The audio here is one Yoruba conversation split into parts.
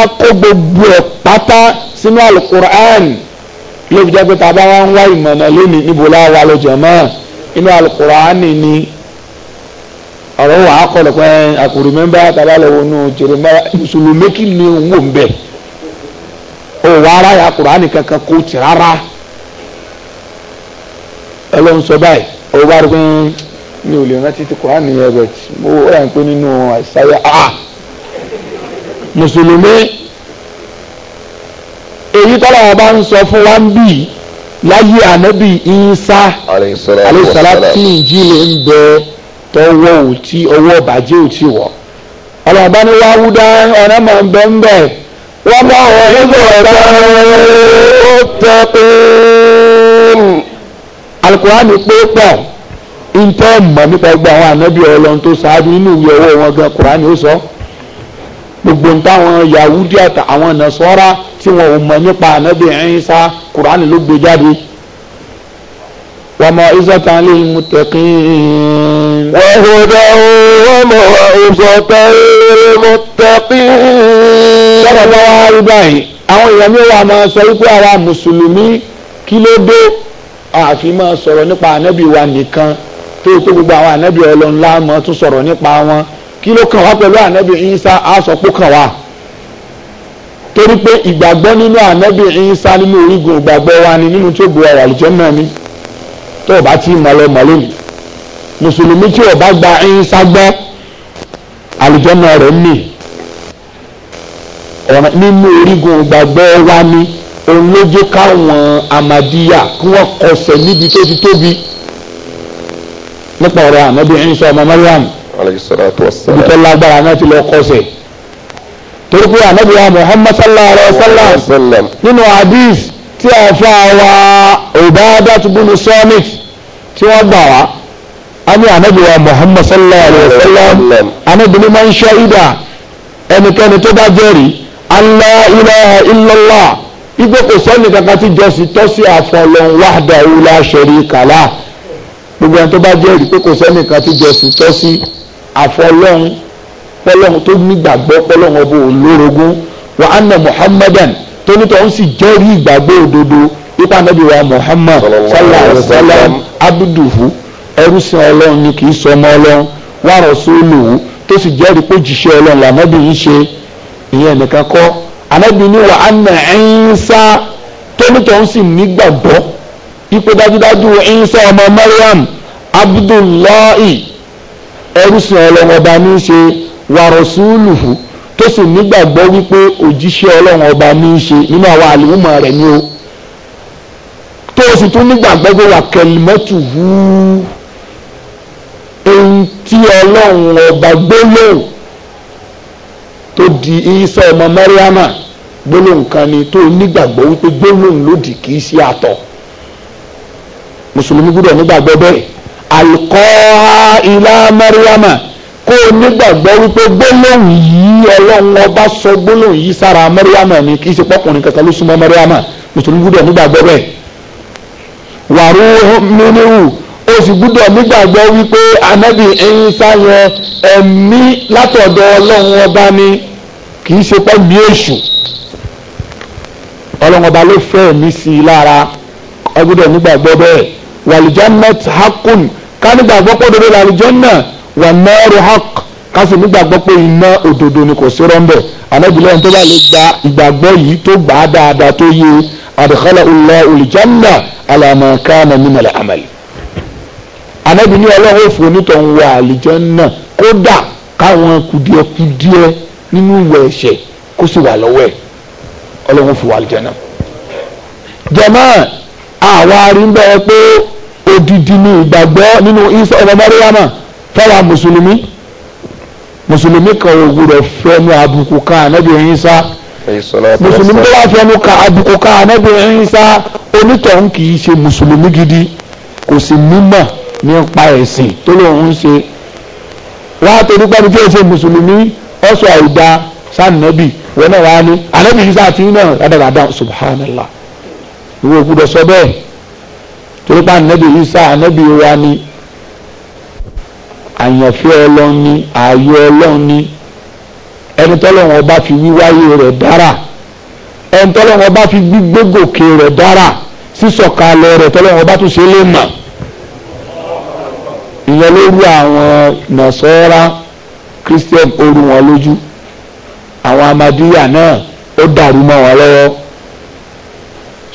wá kó gbogbo ẹ̀ pátá sínú alukur'an ló fi jẹ́ pé tàbá wá ń wá ìmọ̀nà lónìí níbo láwa lọ́jọ́ mọ́ inú alukur'an ni ọ̀rọ̀ wà á kọ̀ lọ́pẹ́ àkùrù mẹ́mbà tàbá lọ́wọ́ inú jeremaya mùsùlùmí kì ni òun wò ń bẹ̀ ò wá ara yà alukur'an kankan kó tì rárá ọlọ́run sọ báyìí ọ̀rọ̀ bá rí pé mi ò lè rántí ti kur'an yẹn bẹ̀ mo rà ń pé nínú àìsàyà ah mùsùlùmí èyí tọ́lọ́wọ́ bá ń sọ fún wa ń bì láyé ànábì Ìsá àlẹ́sàlá tí ìjìnlẹ̀ ń bẹ tọwọ́ òtí ọwọ́ bàjẹ́ òtí wọ̀ ọlọ́ọ̀bá ni wàá wúdá ọ̀nà mọ̀ ń bẹ́ ń bẹ́ wọ́n bá wọn nígbà ọ̀gá ó tẹ pé alukurani pé pọ̀ ntẹ́ mọ̀ nípa ẹgbẹ́ àwọn ànábì Ọlọ́run tó ṣáájú nínú ìwé ọwọ́ wọn gan kurani ó sọ. So gbogbo táwọn yahudi àtà àwọn nasọ́ra tí wọn ò mọ̀ nípa ànábì ẹ̀yìnsá kùránì ló gbé jáde. wàmọ̀ ìsọ̀tàn lè mú tẹ̀kín. wọ́n kò dá wọ́mọ̀ ìsọ̀tàn lè mú tẹ̀kín. sọ́kọ̀ bá wá rí báyìí àwọn èèyàn mi wà máa sọ wípé ara mùsùlùmí kí ló dé àfi máa sọ̀rọ̀ nípa ànábì wa nìkan tó kó gbogbo àwọn ànábì ọlọ́run láàmú tún sọ̀rọ̀ nípa wọn kí ló kàn wá pẹ̀lú ànábì Ìsá á sọ pé kàn wá torí pé ìgbàgbọ́ nínú ànábì Ìsá nínú orígun ìgbàgbọ́ wa ni nínú tí ó gbé ọ̀rọ̀ àlùjẹ́ náà ni tó o bá ti mọ̀ lọ mọ̀ lónìí mùsùlùmí tí o bá gba Ìsá gbọ́ àlùjẹ́ náà rẹ̀ mì nínú orígun ìgbàgbọ́ wa ni òun ló jẹ́ káwọn amadiya kí wọ́n kọsẹ̀ níbi tó ti tóbi nípa ọ̀rọ̀ ànábì Ìsá ọmọ Mariam aleyhisalatu wasalam. ibi tó lágbára náà ti lọ kọsẹ̀ torí pé anabi wa muhammad sallallahu alayhi wa sallam nínú hadith tí a fa wa Ubadah bunu Samit tí wọ́n gbà wá ani anabi wa muhammad sallallahu alayhi wa sallam anabi ni man shahida ẹnikẹ́ni tó bá jẹ́rìí allah ilaha illallah igbe kò sọ́ni kankan tí jọ́sìn tọ́sí àfọlọ́n wahdahu la sharika lah gbogbo ẹni tó bá jẹ́rìí pé kò sọ́ni kankan tí jọ́sìn tọ́sí àfọlọ́hún pọ́lọ́hún tó nígbàgbọ́ pọ́lọ́hún ọba olórogún wa anna muhammadan tó nítorí òun sì jẹ́rìí ìgbàgbọ́ òdodo ipa anabi wa muhammad sallallahu alayhi wa sallam abduhu ẹrú sí ọlọ́run ni kì í sọ ọmọ ọlọ́run wa rasuluhu tó sì jẹ́rìí pé jíṣẹ́ ọlọ́run lànàbì ń ṣe ìyẹn nìkan kọ́ anabi ni wa anna Isa tó nítorí sì nígbàgbọ́ ipò dájúdájú Isa ọmọ mariam abdullahi ẹrúsìn ọlọ́run ọba ní í ṣe wàrọ̀súlùfù tó sì nígbàgbọ́ wípé òjíṣẹ́ ọlọ́run ọba ní í ṣe nínú àwọn àlùmọ̀ rẹ̀ ni o tó o sì tún nígbàgbọ́ pé tí ọlọ́run ọba gbólóhùn tó di Isa ọmọ Mariana gbólóhùn kan ni tó nígbàgbọ́ wípé gbólóhùn lòdì kì í ṣe àtọ̀ mùsùlùmí gbúdọ̀ alkọ́ha ilá mẹ́ríàmà kó o nígbàgbọ́ wípé gbólóhùn yìí ọlọ́run ọba sọ gbólóhùn yìí sára mẹ́ríàmà ni kì í ṣe pọ́kùnrin kankan ló súnmọ́ mẹ́ríàmà mùsùlùmí gbúdọ̀ nígbàgbọ́ bẹ́ẹ̀ wàrú mímíwù ó sì gbúdọ̀ nígbàgbọ́ wípé anábì ẹyin sáyẹn ẹ̀mí látọ̀dọ̀ ọlọ́run ọba ni kì í ṣe pẹ́ẹ́mí èṣù ọlọ́run ọba ló fẹ́ sí i lára ọgbọ́dọ̀ nígbàgbọ́ bẹ́ẹ̀ wàlìjánẹ́tì hakùn ká nígbàgbọ́ pé òdodo làlùjánnà wà náírù hàk ká sì nígbàgbọ́ pé iná òdodo ni kò sí rọ́ńbẹ̀ ànábìlẹ̀ ẹni tó bá lè gba ìgbàgbọ́ yìí tó gbà á dáadáa tó yẹ adkhala Allahu al-janna ala ma kana min al-amal ànábì ní ọlọ́run òfò onítàn wọ kódà káwọn kùdìẹ̀kùdìẹ̀ nínú ìwà ẹ̀ṣẹ̀ kó sì wà lọ́wọ́ ẹ̀ ọlọ́run òfò àlùjánnà jàmáà àwa rí bẹ́ẹ̀ pé odidi ni ìgbàgbọ́ nínú isa ọmọ mọ́ríyámà fáwọn mùsùlùmí mùsùlùmí kan ò gbúdọ̀ fẹnu àbùkù ká ànábì Ìsá mùsùlùmí tó bá fẹnu ká àbùkù ká ànábì Ìsá onítọ̀hún kì í ṣe mùsùlùmí gidi kò sì nímọ̀ nípa ẹ̀sìn tó lóun ń ṣe wọ́n á torí pẹ́ni tí ó ṣe mùsùlùmí ọ̀ṣọ́ àìda sànàbì wọn náà wá ní ànábì Ìsá àti náà rádàràdà subhanallah ìwé ògbúdọ̀ sọ torí pé ànábì Isa ànábì wa ni àyànfẹ́ ọlọ́run ni ààyò ọlọ́run ni ẹni tọ́lọ́run ọba fi wíwáyé rẹ̀ dára ẹni tọ́lọ́run ọba fi gbígbé gòkè rẹ̀ dára sísọ̀kalẹ̀ rẹ̀ tọ́lọ́run ọba tún ṣe lè mọ̀ ìyẹn ló rú àwọn nàṣọ́ra Christian oru wọn lójú àwọn amadíyà náà ó dàrú mọ́ wọn lọ́wọ́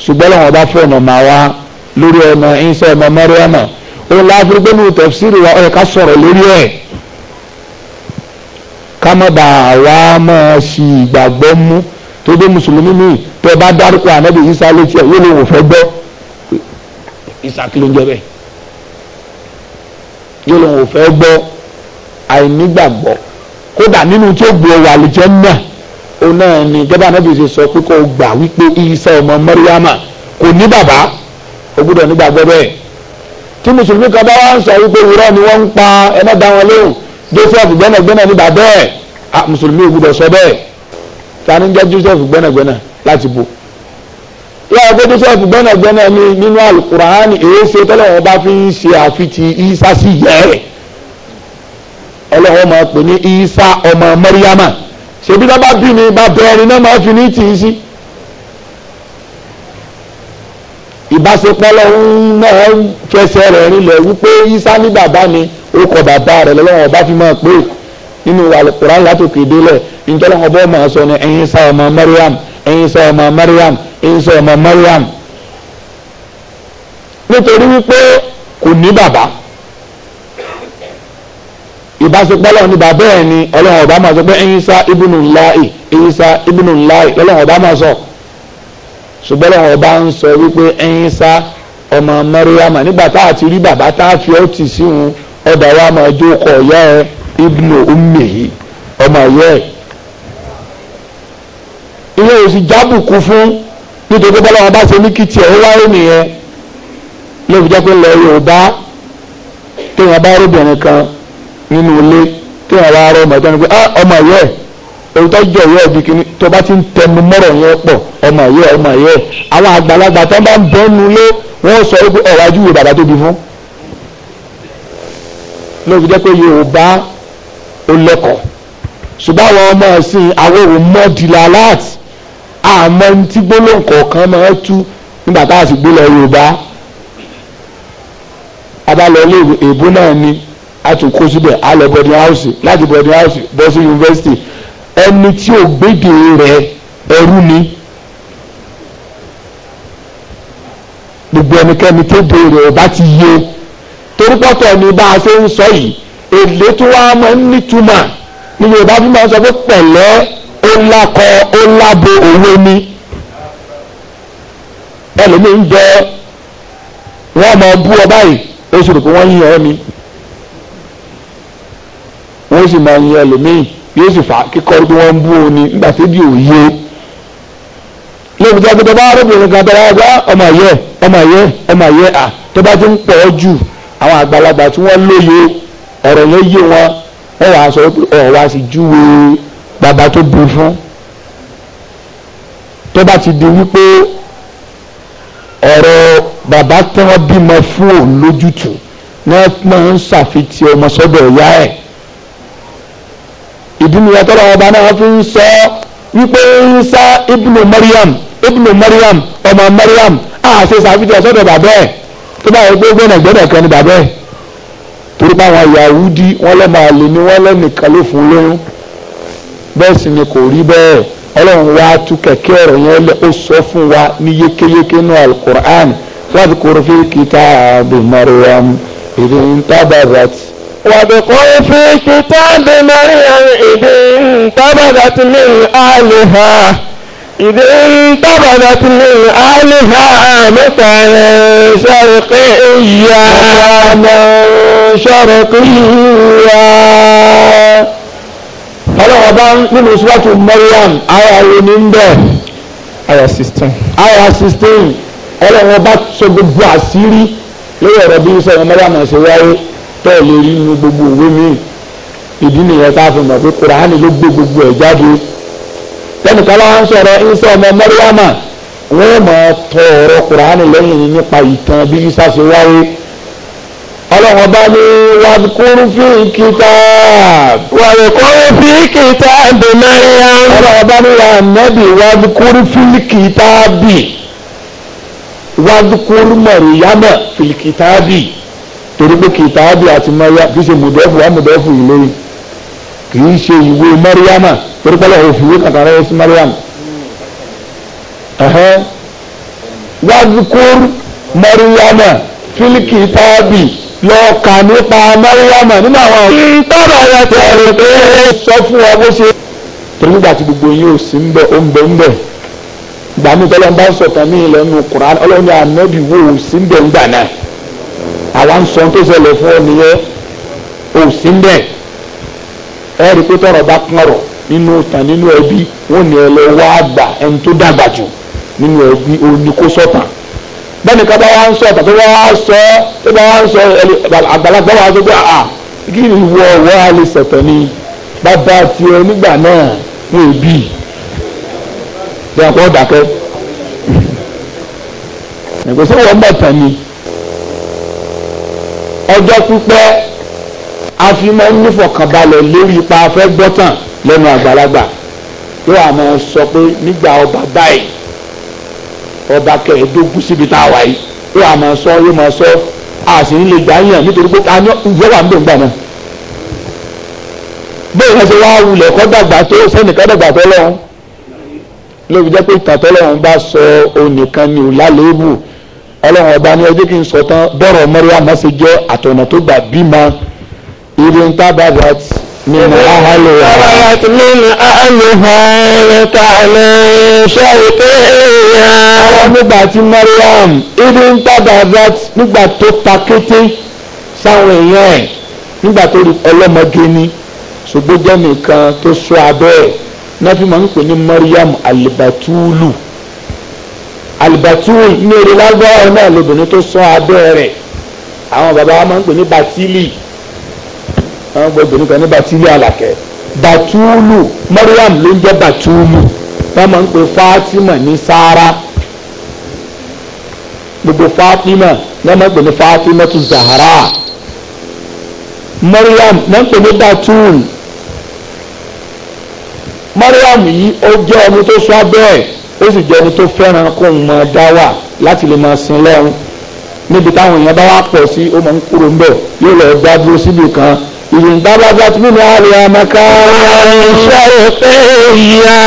ṣùgbọ́n lọ́wọ́n ọba fẹ́ ọ̀nà màá wá lórí ọmọ ìsọ ọmọ mọ́ríàmà ó láàbùrú pé nínú wa ó yẹ ká sọ̀rọ̀ lórí ẹ̀ ká má bàa wá máa ṣì ìgbàgbọ́ mú tó dé mùsùlùmí mi tẹ bá dárúkọ ànábì ìsá létí ẹ̀ yóò lè wò fẹ́ gbọ́ ìsá kí ló ń jẹ bẹ́ẹ̀ yóò lè wò fẹ́ gbọ́ àìnígbàgbọ́ kódà nínú tí ó gbé ọwọ́ àlùjẹ́ náà òun náà ni gẹ́gẹ́ ànábì ṣe sọ pé kó gbà wípé ìsá ọmọ mọ́ríàmà kò ní bàbá o gbúdọ̀ nígbàgbọ́ bẹ́ẹ̀ tí mùsùlùmí kan bá wá ń sọ wípé irọ́ ni wọ́n ń pa ẹ má dá wọn lóhùn joseph gbẹ́nàgbẹ́nà ní bàbá ẹ̀ mùsùlùmí ò gbúdọ̀ sọ bẹ́ẹ̀ ta ni jẹ́ joseph gbẹ́nàgbẹ́nà láti bo yàrá pé joseph gbẹ́nàgbẹ́nà ni nínú alukur'an èéṣe tọ́lọ́wọ́n bá fi ń ṣe àfitì isa sí yẹ ẹ̀ ọlọ́wọ́n máa pè ní isa ọmọ mẹ́ríyàmà ṣèbí tá bá bí ni bàbá ẹni náà máa fi ní tì í sí. ìbáṣepọ̀ lọ́hún náà fẹsẹ̀ rẹ̀ rinlẹ̀ wípé isa ní bàbá mi ó kọ bàbá rẹ̀ lọ́wọ́ ọba fi máa pé nínú alukuran látòkè délẹ̀ ìjọba ọba ọmọ sọ ni ẹ̀yin sá ọmọ Mariam ẹ̀yin sá ọmọ Mariam ẹ̀yin sá ọmọ Mariam nítorí wípé kò ní bàbá ìbáṣepọ̀ lọ́wọ́ ni bàbá ẹ̀ ni ọlọ́wọ́ ọba máa sọ pé ẹ̀yin sá ibùnú láì ẹ̀yin sá ibùnú láì lọ́wọ́ ọba máa sọ ṣùgbọ́n lọ́wọ́ ọba ń sọ wípé ẹyin sá ọmọ mẹ́ríyàmà nígbà tá a ti rí bàbá tá a fi ọ́ tì sí òun ọ̀dà wa máa jókòó ọ̀yá ẹ ibnu ummihi ọmọ ọ̀yá ẹ. ilé òsì jábùkù fún nítorí bọ́lá wọn bá ṣe ní kìtì ẹ̀ ó wáyé nìyẹn lóbi jẹ́ pé lọ Yorùbá téèyàn bá rí obìnrin kan nínú ilé téèyàn wá rọ ọmọ ìjọba ah, ọmọ ọ̀yá ẹ̀ ohun tó jọ ìwé ẹbí kìíní tó bá ti ń tẹnu mọ́rọ̀ yẹn pọ̀ ọmọ ayé ọmọ ayé àwọn àgbàlagbà tó bá ń bọ́nu lé wọ́n sọ pé ọ̀rọ̀ ajúwe bàbá tó bí fún. ló fi jẹ́ pé Yorùbá ó lẹ́kọ̀ọ́ ṣùgbọ́n àwọn ọmọ ẹ̀sìn àwọn òun mọ́ dìlà láti àmọ́ tí gbólóhùn kọ̀ọ̀kan máa tú nígbà tá a sì gbé Yorùbá abalẹ̀ ilé èbó náà ni a tún kó síbẹ̀ alẹ́ bọ̀dì house láti bọ̀dì house bọ́ yunifásitì ẹni tí o gbédè rẹ̀ ẹrú ni gbogbo ẹnikẹ́ni tó béèrè ọba ti yé torúpọ̀tọ̀ ni bá a ṣe ń sọ yìí èdè tó wá máa ń nítumọ̀ ní Yorùbá fún máa ń sọ pé pẹ̀lẹ́ ó lákọ ó lábo òwe ni ẹlòmíín bẹ wọn máa bú ọ báyìí ó sì rò pé wọ́n yín ọ ni wọ́n sì máa yín ẹlòmíín yóò sì fà kíkọ́ pé wọ́n ń bú òun ni nígbà tí bí òye lóòótọ́ tó tọ́ba arábìnrin kan tọ́ba ẹgbẹ́ ọmọ ẹ̀yẹ ọmọ ẹ̀yẹ ọmọ ẹ̀yẹ à tọ́ba ti ń pọ̀ ọ́ jù àwọn àgbàlagbà tí wọ́n lóye ọ̀rọ̀ yẹn yé wọn wọ́n wàá sọ ọ̀rọ̀ wa sì júwe bàbá tó bu fún tọ́ba ti di wípé ọ̀rọ̀ bàbá tí bímọ fún òun lójútùú náà máa ń ṣàfitì ọmọ sọ́dọ̀ ìyá ẹ̀ ìdúnnìyà tọ́lá ọba náà fi ń sọ wípé Isa ibnu Maryam ibnu Maryam ọmọ Maryam àṣẹ sàfihàn sọ́dọ̀ bàbá ẹ̀ tó bá yẹ pé gbẹ́nàgbẹ́nà kan ní bàbá ẹ̀ torí báwọn Yahudi wọ́n lọ́mọ àlè ni wọ́n lẹ́nìkan ló fún lóyún bẹ́ẹ̀ sì ni kò rí bẹ́ẹ̀ ọlọ́run wa tú kẹ̀kẹ́ ọ̀rọ̀ yẹn lẹ ó sọ fún wa ní yékéyéké nù al-Qur'an wadhkur fi kitabi Maryam idh intabazat وادخل في كتاب مريم إذ انتبذت من أهلها إذ انتبذت من أهلها مكانا شرقيا مكانا شرقيا ọlọ́wọ́ bá nínú sùwàtú Maryam aya wo ní bẹ́ aya sixteen aya sixteen ọlọ́wọ́ bá sọ gbogbo àṣírí lórí ọ̀rọ̀ bí sọ̀rọ̀ Maryam ṣe wáyé tẹ́ẹ̀ lè rí inú gbogbo òwe míì ìdí nìyẹn tá a fi mọ̀ pé kùránì ló gbé gbogbo ẹ̀ jáde tẹnìkan láwọn ń sọ̀rọ̀ Ìsá ọmọ mẹ́ríàmà wọ́n mọ̀ tọ kùránì lẹ́yìn nípa ìtàn bí Ìsá ṣe wáyé ọlọ́run bá ní wàdìkúrú fi kìtà. wàdìkúrú fi kìtà bì mẹ́ríàm. ọlọ́run bá ní ànábì wàdìkúrú fi kìtà bì wàdìkúrú mẹ́ríàmà fi kìtà bì torí pé kìtàbí àti mọ́ríà kì í ṣe mọ̀dẹ́fù wà mọ̀dẹ́fù yìí lórí kì í ṣe ìwé mariama torí pé lọ́wọ́ òfìwé kàkà rẹ̀ sí mọ́ríàmà. wàzùkúr mọ́ríàmà fílíkì tábì lọ́ọ̀kà nípa mọ́ríàmà nínú àwọn ọ̀rọ̀. tọ́lá rẹ̀ tẹ̀lé pé sọ fún wa bó ṣe. torí nígbà tí gbogbo yìí ò sí ń bẹ ó ń bẹ ń bẹ gbàmí tọ́lá sọ̀tàn ní ilẹ̀ nù kùrán ọlọ́run ní àwa ń sọ tó ṣẹlẹ̀ fún ọ nìyẹn ò sí ń bẹ̀ ẹ rí i pé tọrọ bá pọn ọ̀rọ̀ nínú ìtàn nínú ẹbí wọn ni ẹ lọ wá àgbà ẹni tó dàgbà jù nínú ẹbí òní kó sọ̀tàn bẹ́ẹ̀ni ká bá wá ń sọ tàbí wá sọ tó bá wá ń sọ àgbàlagbà wá sọ pé àà kí ni ìwọ ọwọ́ alẹ́ sẹ̀tọ̀ ni bàbá tiẹ̀ nígbà náà ní òbí bí wọn kọ́ dàkẹ́ ẹ̀gbẹ́sẹ̀ wọn bọ̀ tán ni ọjọ́ pípẹ́ a fi máa ń nífọ̀kànbalẹ̀ lórí ipa afẹ́ gbọ́tàn lẹ́nu àgbàlagbà yóò àmọ́ sọ pé nígbà ọba báyìí ọba kẹẹ̀ẹ́dógún síbi tá a wà yìí yóò àmọ́ sọ yóò máa sọ àṣì ń lè gbà yàn nítorí pé káyọ̀ ìyẹ́ wà ń bò ń gbà náà. bẹ́ẹ̀ ni ṣe wáá wulẹ̀ kọ́ dàgbà tó sẹ́nìkan dàgbà tó lọ́hún lóbi jẹ́ pé ìtàn tó lọ́hún bá sọ onìkan ni ò lálébù ọlọ́run ọba ní ọjọ́ kí n sọ tán bọ́rọ̀ Maryam ṣe jẹ́ àtọ̀nà tó gbà bímọ ìrìn tábàdàt nínú ahàlò rẹ̀. tábàdàt nínú ahàlò rẹ̀ kàlẹ́ ṣáìpé ẹ̀yà. ọ̀rọ̀ nígbà tí Maryam ìrìn tábàdàt nígbà tó ta kété sáwọn èèyàn ẹ̀ nígbà tó rí ọlọ́mọge ni ṣùgbọ́n jẹ́ nìkan tó sọ abẹ́ ẹ̀ náà fi máa ń pè ní Maryam alibatulu alibatui ní èdè lágbára náà lóbìnrin tó sọ abẹ́ rẹ̀ àwọn bàbá wa máa ń pè ní batili àwọn obìnrin kan ní batili alakẹ batulu mariam ló ń jẹ́ batulu wọ́n máa ń pè fatima ní sara gbogbo fatima wọ́n máa ń pè ní fatima tu zahara mariam wọ́n ń pè ní batul mariam yìí ó jẹ́ ọmọ tó sọ abẹ́ rẹ̀ ó sì jẹ́ ẹni tó fẹ́ràn kó ń máa dá wà láti lè máa sin lọ́run níbi táwọn èèyàn bá wà pọ̀ sí ó máa ń kúrò ńbẹ̀ yóò lọ dá dúró síbi kan ìyìnbábájá tí mímu àlè àmàkà iṣẹ́ òfẹ́ ìyá.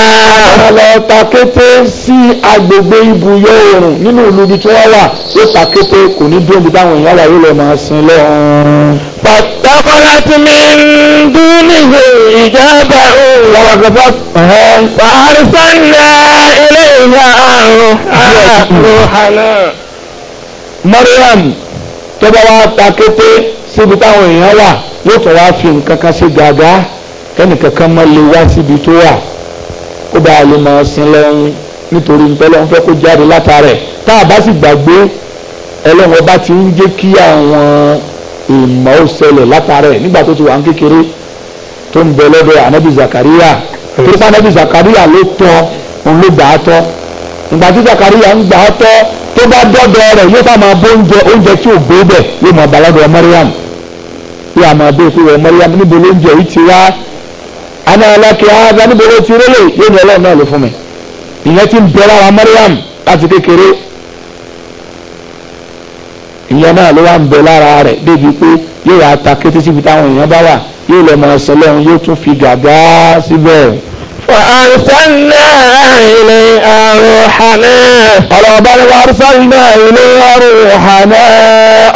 ọ̀lọ́ takété sí agbègbè ibùyọ oòrùn nínú ìlú ibi tí wọ́n wà ó takété kò ní dóńbi táwọn èèyàn wà yóò lọ máa sin lọ́run. pàtàkọ́lá tí mi ń dú رسوله إجابة ووقفت فأرسلنا إليها روحنا Maryam tó bá wá ta kété síbi táwọn èèyàn wà yóò tó wá fi nǹkan kan sí gàgá kẹ́nìkankan má lè wá síbi tó wà kó bá a lè máa sin lọ́run nítorí ntọ́lọ́run fẹ́ kó bá ti ń jẹ́ kí àwọn ìmọ̀ ó ṣẹlẹ̀ látàrẹ̀ nígbà tó ti wà ń kékeré tó ń bẹ lọ́dọ̀ anabi Zakariya torípa anabi Zakariya ló tọ́ òun ló gbà á tọ́ ìgbà tí Zakariya ń gbà á tọ́ tó bá dọ́dọ̀ rẹ̀ yóò fà máa bó oúnjẹ oúnjẹ tí ò gbé bẹ̀ yóò máa balọ́dọ̀ Mariam yóò àmọ́ abẹ́ ìfowó Mariam níbo lóúnjẹ yìí ti wá ana alákẹ́ ága níbo ló ti rélè yóò ní ọlọ́run náà ló fún mi ìyẹn ti ń bẹ lára Mariam láti kékeré ìyẹn náà ló wá ń bẹ lára rẹ̀ débi pé yóò wá ta kété síbi táwọn èèyàn bá wà yóò lè máa ṣe lẹ́hun yóò tún fi gàgá síbẹ̀. فأرسلنا إليها روحنا ọlọ́wọ́ bá ní wá arsalna ilayha ruhana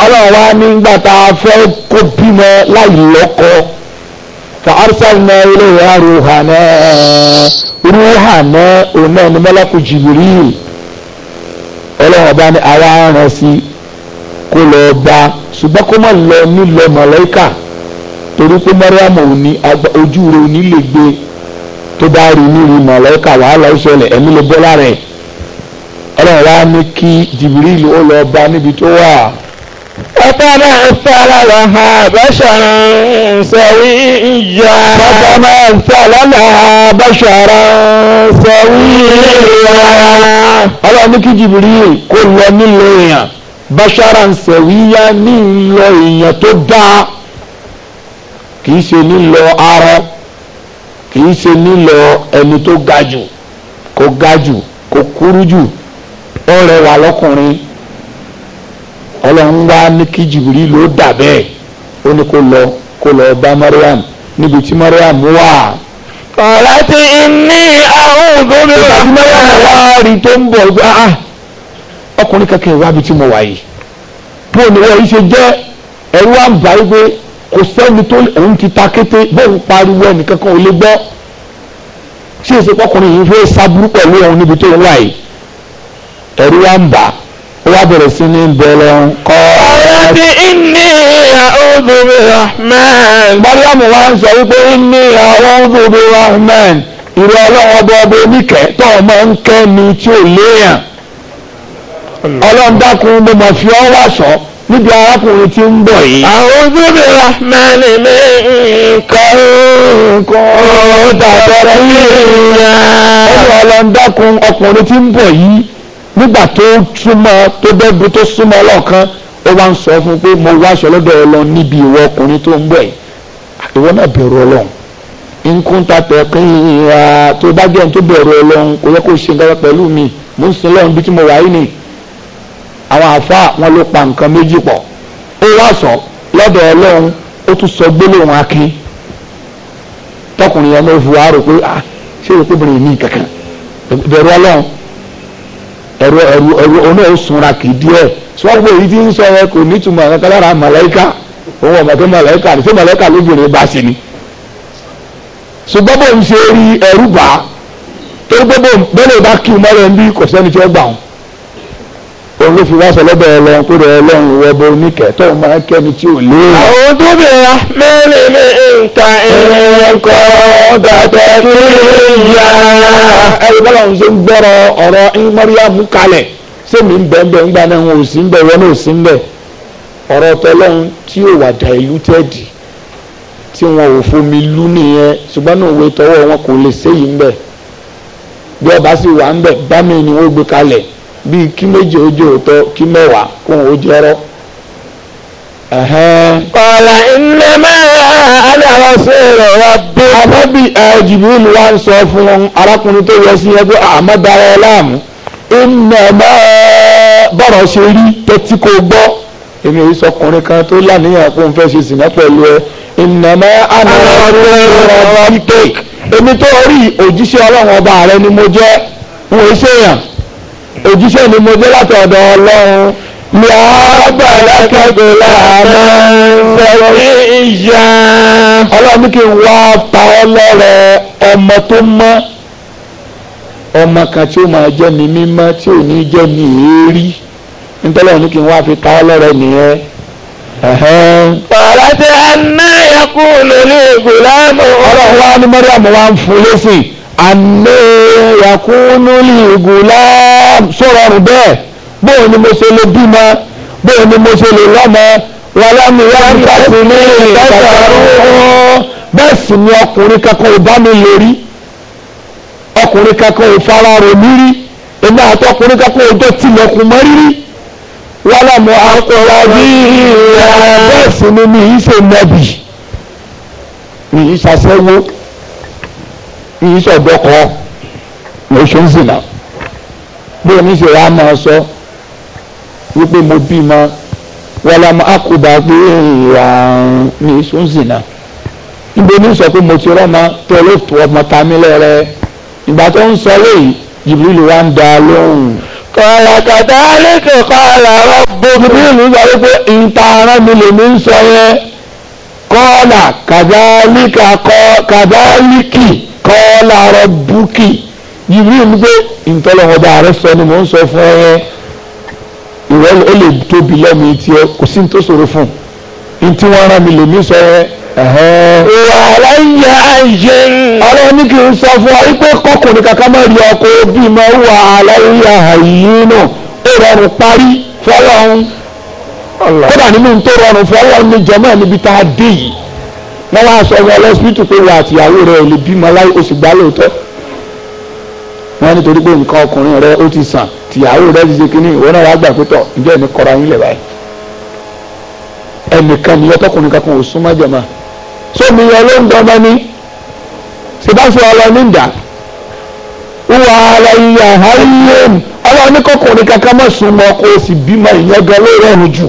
ọlọ́wọ́ wá nígbà tá a fẹ́ kó bímọ láì lọ́kọ فأرسلنا إليها روحنا ruhana òun náà ni mọ́lẹ́kù Jibril ọlọ́wọ́ bá ní àwa rán sí i kó lọ bá ṣùgbọ́n kó má lọ nílọ màláíkà torí pé mariam òní ojú rẹ òní lè gbé tó bá rí nílùú màláíkà wàhálà ó ṣẹlẹ̀ ẹ̀mí ló bọ́ lára ẹ̀ ọlọ́run wá ní kí jìbìrìlì ó lọ bá níbi tó wà. فما مثل لها بشرا سويا فما مثل لها بشرا سويا ọlọ́run ní kí jìbìrì kó lọ nílò èèyàn bashara nsẹ̀wíyá nílọ èèyàn tó dáa kìí ṣe nílọ arọ kìí ṣe nílọ ẹni tó ga jù kó ga jù kó kúrú jù ó rẹwà lọ́kùnrin ọlọ́run wá ní kí jìbìrì ló dà bẹ́ẹ̀ ó ní kó lọ kó lọ bá mariam níbi tí mariam wà. kọ̀ọ̀lá ti ní àwọn ògbómi. ìgbà tí mariam wá rí tó ń bọ̀ gbá. Ah, ọkùnrin kankan ìwà bíi tí mo wà yìí bó ni wọ́n yìí ṣe jẹ́ ẹ̀rú àgbà wípé kò sẹ́ni tó òun ti ta kété bóun pariwo ẹnìkankan ò lè gbọ́ ṣé èsì ọkùnrin yìí fẹ́ sábúrú pẹ̀lú òun níbi tó ń wà yìí ẹ̀rú àgbà ó wá bẹ̀rẹ̀ sí ní bẹ̀rẹ̀ ń kọ́. ọ̀rẹ́bí inni a'udhu bi rahman. mọ́ríàmù wa ń sọ wípé inni a'udhu bi rahman ìrọ̀ ọlọ́wọ́ bọ́ọ̀bù oníkẹ́ tó ọmọ ń kẹ́ mi tí ò léèyàn ọlọ́run dákun mo mọ̀ fi ọ́ wà sọ níbi arákùnrin tí ń bọ̀ yìí. àwọn ojúbẹ rahmani mi nǹkan kan tàbẹ̀rẹ̀ yìnyínna. ọlọ́run ọlọ́run dákun ọkùnrin tí ń bọ̀ yìí nígbà tó súnmọ́ tó bẹ́gbẹ́ tó súnmọ́ lọ́ọ̀kan ó wá ń sọ fún un pé mo wá aṣọ lọ́dọ̀ ọlọ́run níbi ìwọ ọkùnrin tó ń bọ̀ yìí ìwọ náà bẹ̀rù ọlọ́run nkúnta tẹ̀kín ìhà tó bá jẹ́ ní tó bẹ̀rù ọlọ́run kò yẹ kó ṣe nǹkan pẹ̀lú mi mò ń sin lọ́run bí tí mo wà yìí nìyí àwọn àfa wọn ló pa nǹkan méjì pọ̀ ó wá sọ lọ́dọ̀ ọlọ́run ó tún sọ gbólóhùn akin tọkùnrin ọmọ òfin wa rò pé ah ṣé o kò bẹ̀rẹ̀ ní kankan bẹ̀rù ọlọ́run ẹ̀rù ẹ̀rù ẹ̀rù ọ̀nà ò sunra kì í díẹ̀ sọ́gbó èyí tí ń sọ ẹ kò nítumọ̀ kankan lára màláìka òun ọ̀mọ̀ tó màláìka àti tó màláìka lóbìnrin bá sí ni ṣùgbọ́n bó ń ṣe rí ẹ̀rù bá tó gbogbo bẹ́ẹ̀ lè bá kí n mọ́lẹ̀ ń bí kò sẹ́ni tí ó gbà wọn. òun ló fi wá sọlọ́bẹ̀ ọlọ́run tó rẹ ọlọ́run wọbọ oníkẹ́ tó máa kẹ́ni tí ò lé. àwọn tó bẹ̀rẹ̀ mẹ́rin ní nǹkan ẹ̀kọ́ bàbá tó ẹ̀rọ bọ́lá ń ṣe ń gbọ́rọ̀ ọ̀rọ̀ Màríyámù kalẹ̀ sẹ́mi ń bẹ́ẹ̀ bẹ́ẹ̀ ń wọn ò sí ń wọn ò sí wọn ò fomi lú nìyẹn ṣùgbọ́n bíi kí méje ojú òótọ́ kí mẹ́wàá kóun ó jẹ́rọ́. Kọ̀lá iná máa adára sí ẹ̀rọ wa bí. Àbábí Jìbìrìlù wa ń sọ fún arákùnrin tó yẹ sí yẹn pé àmọ́ dára ẹ láàmú. Iná máa bọ̀rọ̀ ṣe rí tẹ́tí kò gbọ́. Èmi ò sọ ọkùnrin kan tó láníyàn kó n fẹ́ ṣe sìnà pẹ̀lú ẹ. Iná máa adára sí ẹ̀rọ wa bí kéèkì. Èmi tó rí òjíṣẹ́ ọlọ́run ọba rẹ ni mo jẹ́. N ò ṣèyàn. òjíṣẹ́ ni mo jẹ́ láti ọ̀dọ̀ ọlọ́run ní lákàgbọ́lá máa ń fẹ́rẹ́ ìyá. ọlọ́run kì í wá pa ọ́ ọmọ tó mọ́ ọmọ kan tí ó máa jẹ́ mi mímọ́ tí ò ní jẹ́ mi èérí nítorí ọ̀run kì í wá fi pa ọ́ nìyẹn. Bàbá ẹ̀kú lórí Ọlọ́run sọ̀rọ̀ rẹ̀ bẹ́ẹ̀ bóun ni mo ṣe lè bímọ bóun ni mo ṣe lè lọ́mọ wàlámi yára sí ní ìtàkàrọ̀ bẹ́ẹ̀ sì ni ọkùnrin kankan ò bá mi lè rí ọkùnrin kankan ò fara rò mí rí èmi àti ọkùnrin kankan ò jọ tilẹ̀kùn mọ́ rírí wàlámi akọ̀rọ̀ bí bẹ́ẹ̀ sì ni mi ì ṣe nẹ́bì ì ṣàṣẹ́wó ì ṣọ̀dọ́kọ̀ mo ṣe ń zìnà bí oníṣe wa máa sọ wípé mo bímọ wọlámọ akùbà pé ìwà ní sùnzìnà níbo ní sọ pé mo ti rọ́mọ tó ló tó ọmọ tami lẹ́rẹ́ ìgbà tó ń sọ léyìí jìbìlì wa ń da lóhùn. kọ̀ọ̀lá kàtà lẹ́kẹ̀ẹ́ kọ̀ọ̀lá rọ́bù jìbìlì sọ wípé ìtaara mi lèmi ń sọ yẹn kọ́ọ̀lá kàdálíkà kọ́ kàdálíkì kọ́ọ̀lá rọ́bùkì. Jibril ní pé ìtọ́lọ́wọ́dá rẹ sọ ni mò ń sọ fún ẹ ìwọ ó lè tóbi lẹ́mi tiẹ kò sí ní tó ṣòro fún un ní tí wọ́n rán mi lèmi sọ ẹ wàhálà yẹ àìṣe ọ̀rọ̀ ní kí n sọ fún ọ wípé kọkùnrin kankan máa rí ọkọ bíi máa ń wàhálà yẹ àìyé náà ó rọrùn parí fọlọ́run kódà nínú tó rọrùn fọlọ́run ní jẹ́mọ́ níbi tá a dé yìí wọ́n wá sọ ọmọ ọlọ́sibítù pé wà àtìyàwó rẹ̀ ò lè bímọ láì oṣù gbá lóòótọ́ wọ́n nítorí pé nǹkan ọkùnrin rẹ ó ti sàn tìyàwó rẹ ti ṣe kínní ìwọ náà wàá gbà pé tọ̀ ǹjẹ́ ẹ̀mí kọra yín lẹ̀ báyìí ẹnìkan nìyẹn tọkùnrin kankan ò súnmọ́ jẹ̀mọ́ sómi yẹn ló ń dọ́gbọ́n ní sebastian ọlọ́nìdá wúwa ara yíyá ayé ọlọ́ọ̀ní kọkùnrin kankan mọ̀ súnmọ́ kó o sì bímọ ìyẹn gan ló rọrùn jù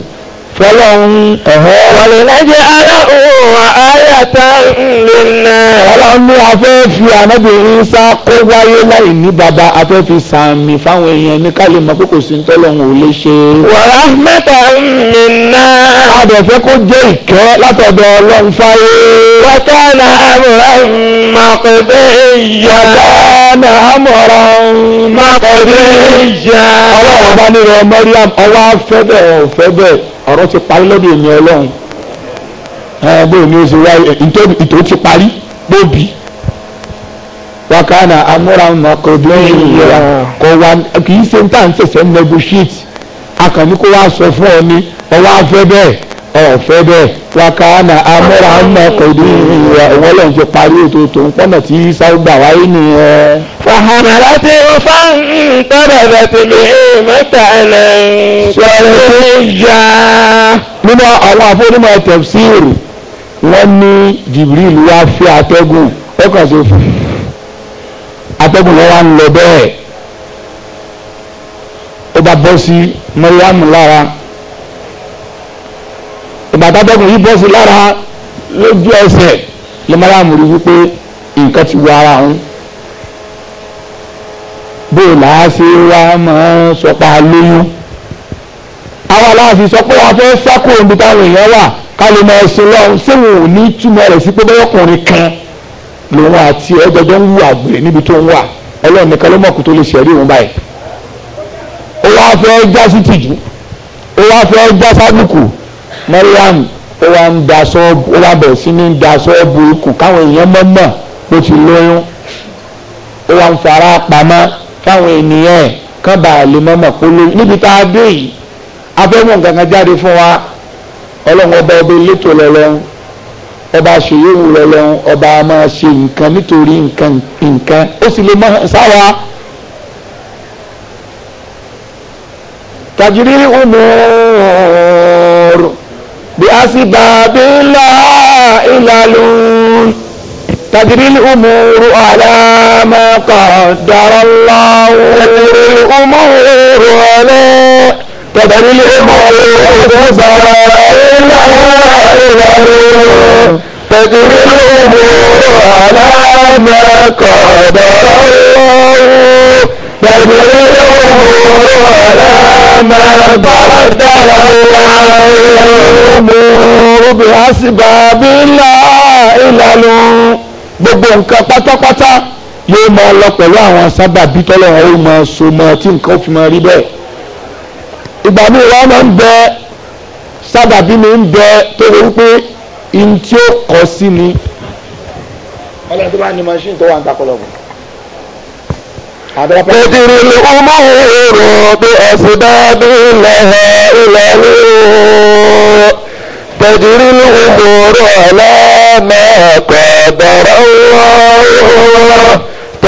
fọlọ́run ẹ̀họ́. wàlẹ́lẹ́jẹ́ aláhùn àyàtà ńlẹ́nà. ọlọ́run ní a fẹ́ fi ànábìrin sá kó wáyé láì ní bàbá a fẹ́ fi sàmì fáwọn èèyàn ní ká lè mọ̀ pé kò sí tọ́lọ́run ò lè ṣe. wàrà mẹ́ta ńlẹ́nà. a dẹ̀ fẹ́ kó jẹ́ ìkẹ́ látọ̀dọ̀ ọlọ́run fáyé. wàtánà àmọ̀ràn màkòdé ìyá. wàtánà àmọ̀ràn màkòdé ìyá. ọlọ́run bá nílò Maryam ọ̀rọ̀ ti parí lọ́dọ̀ èmi ọlọ́run bóyá mi ò sì wáyé ìtò ti parí bóbi wakana amúra mọ̀kọ́dúnrún ìlera kò wá kì í ṣe tá à ń tẹ̀sẹ̀ negotiate akànní kó wá sọ fún ọ ní ọwọ́ afẹ́ bẹ́ẹ̀ ọ̀fẹ́ bẹ́ẹ̀ wakana amúra mọ̀kọ́dúnrún ìlera ìwọ́n lọ́n ti parí ètò tó ń pọ́nà tí sáwọ́ gbà wáyé nìyẹn. fàhánà láti ọ̀fà ń tọ́lẹ̀ bẹ̀tẹ̀lẹ̀ mẹ́ta ẹ̀ lẹ́yìn. sọ̀rọ̀ tó ń jà á nínú àwọn afọ́nímọ̀ tẹ̀síìrì wọ́n ní Jibril wá fẹ́ atẹ́gùn ọkàn sí fún atẹ́gùn lọ́wọ́ ń lọ bẹ́ẹ̀ ó bá bọ́ sí Mariam lára ìbàdàn atẹ́gùn yìí bọ́ sí lára lójú ẹsẹ̀ lè rí wípé nǹkan ti wọ ara òun bóòlù àá ṣe wá máa ń sọpa lóyún àwọn aláàfin sọ pé a fẹ́ sákò níbi táwọn èèyàn wà ká lè mọ ẹsìn lọ́run síwọn ò ní túmọ̀ rẹ̀ sí pé bọ́yọ̀kùnrin kan lòun àti ẹgbẹ́jọ́ ń wù àgbèrè níbi tó ń wà ọlọ́run nìkan ló mọ̀kú tó lè ṣẹ̀rí òun báyìí ó wá fẹ́ já sí tìjú ó wá fẹ́ já sábùkù Mariam ó wá ń da sọ́ọ̀bù ó wá bẹ̀rẹ̀ sí ní da sọ́ọ̀bù ikù káwọn èèyàn mọ̀ mọ̀ bó ti lóyún ó wá ń fara pamọ́ káwọn ènìyàn kan bá lè mọ̀ mọ̀ kó lóyún níbi tá a dé yìí afẹ́mọ̀ gangan jáde fún wa ọlọ́run ọba ọba elétò lọ́lọ́run ọba aṣèyéwu lọ́lọ́run ọba a máa ṣe nǹkan nítorí nǹkan nǹkan ó sì lè máa sáwa. tajiri umur bi asibabila ilalun tajiri umur ala ma qadarallahu tajiri umur ala. تدريهم الخزر إلا إله تدريهم على ما قدر الله تدريهم على ما قدر الله بأسباب لا إله gbogbo nǹkan pátápátá yóò máa lọ pẹ̀lú àwọn sábàbí tọ́lọ́run ó máa so máa tí nǹkan ó fi máa rí bẹ́ẹ̀ ìgbà míì wọ́n máa ń bẹ sábàbí mi ń bẹ tó wọ́n pé in tí ó kọ́ sí ni ọlọ́run tó bá ní machine tó wà ń takọ̀ lọ́gùn. تدري الأمور بأسباب لها إلى تدري الأمور على ما قدر الله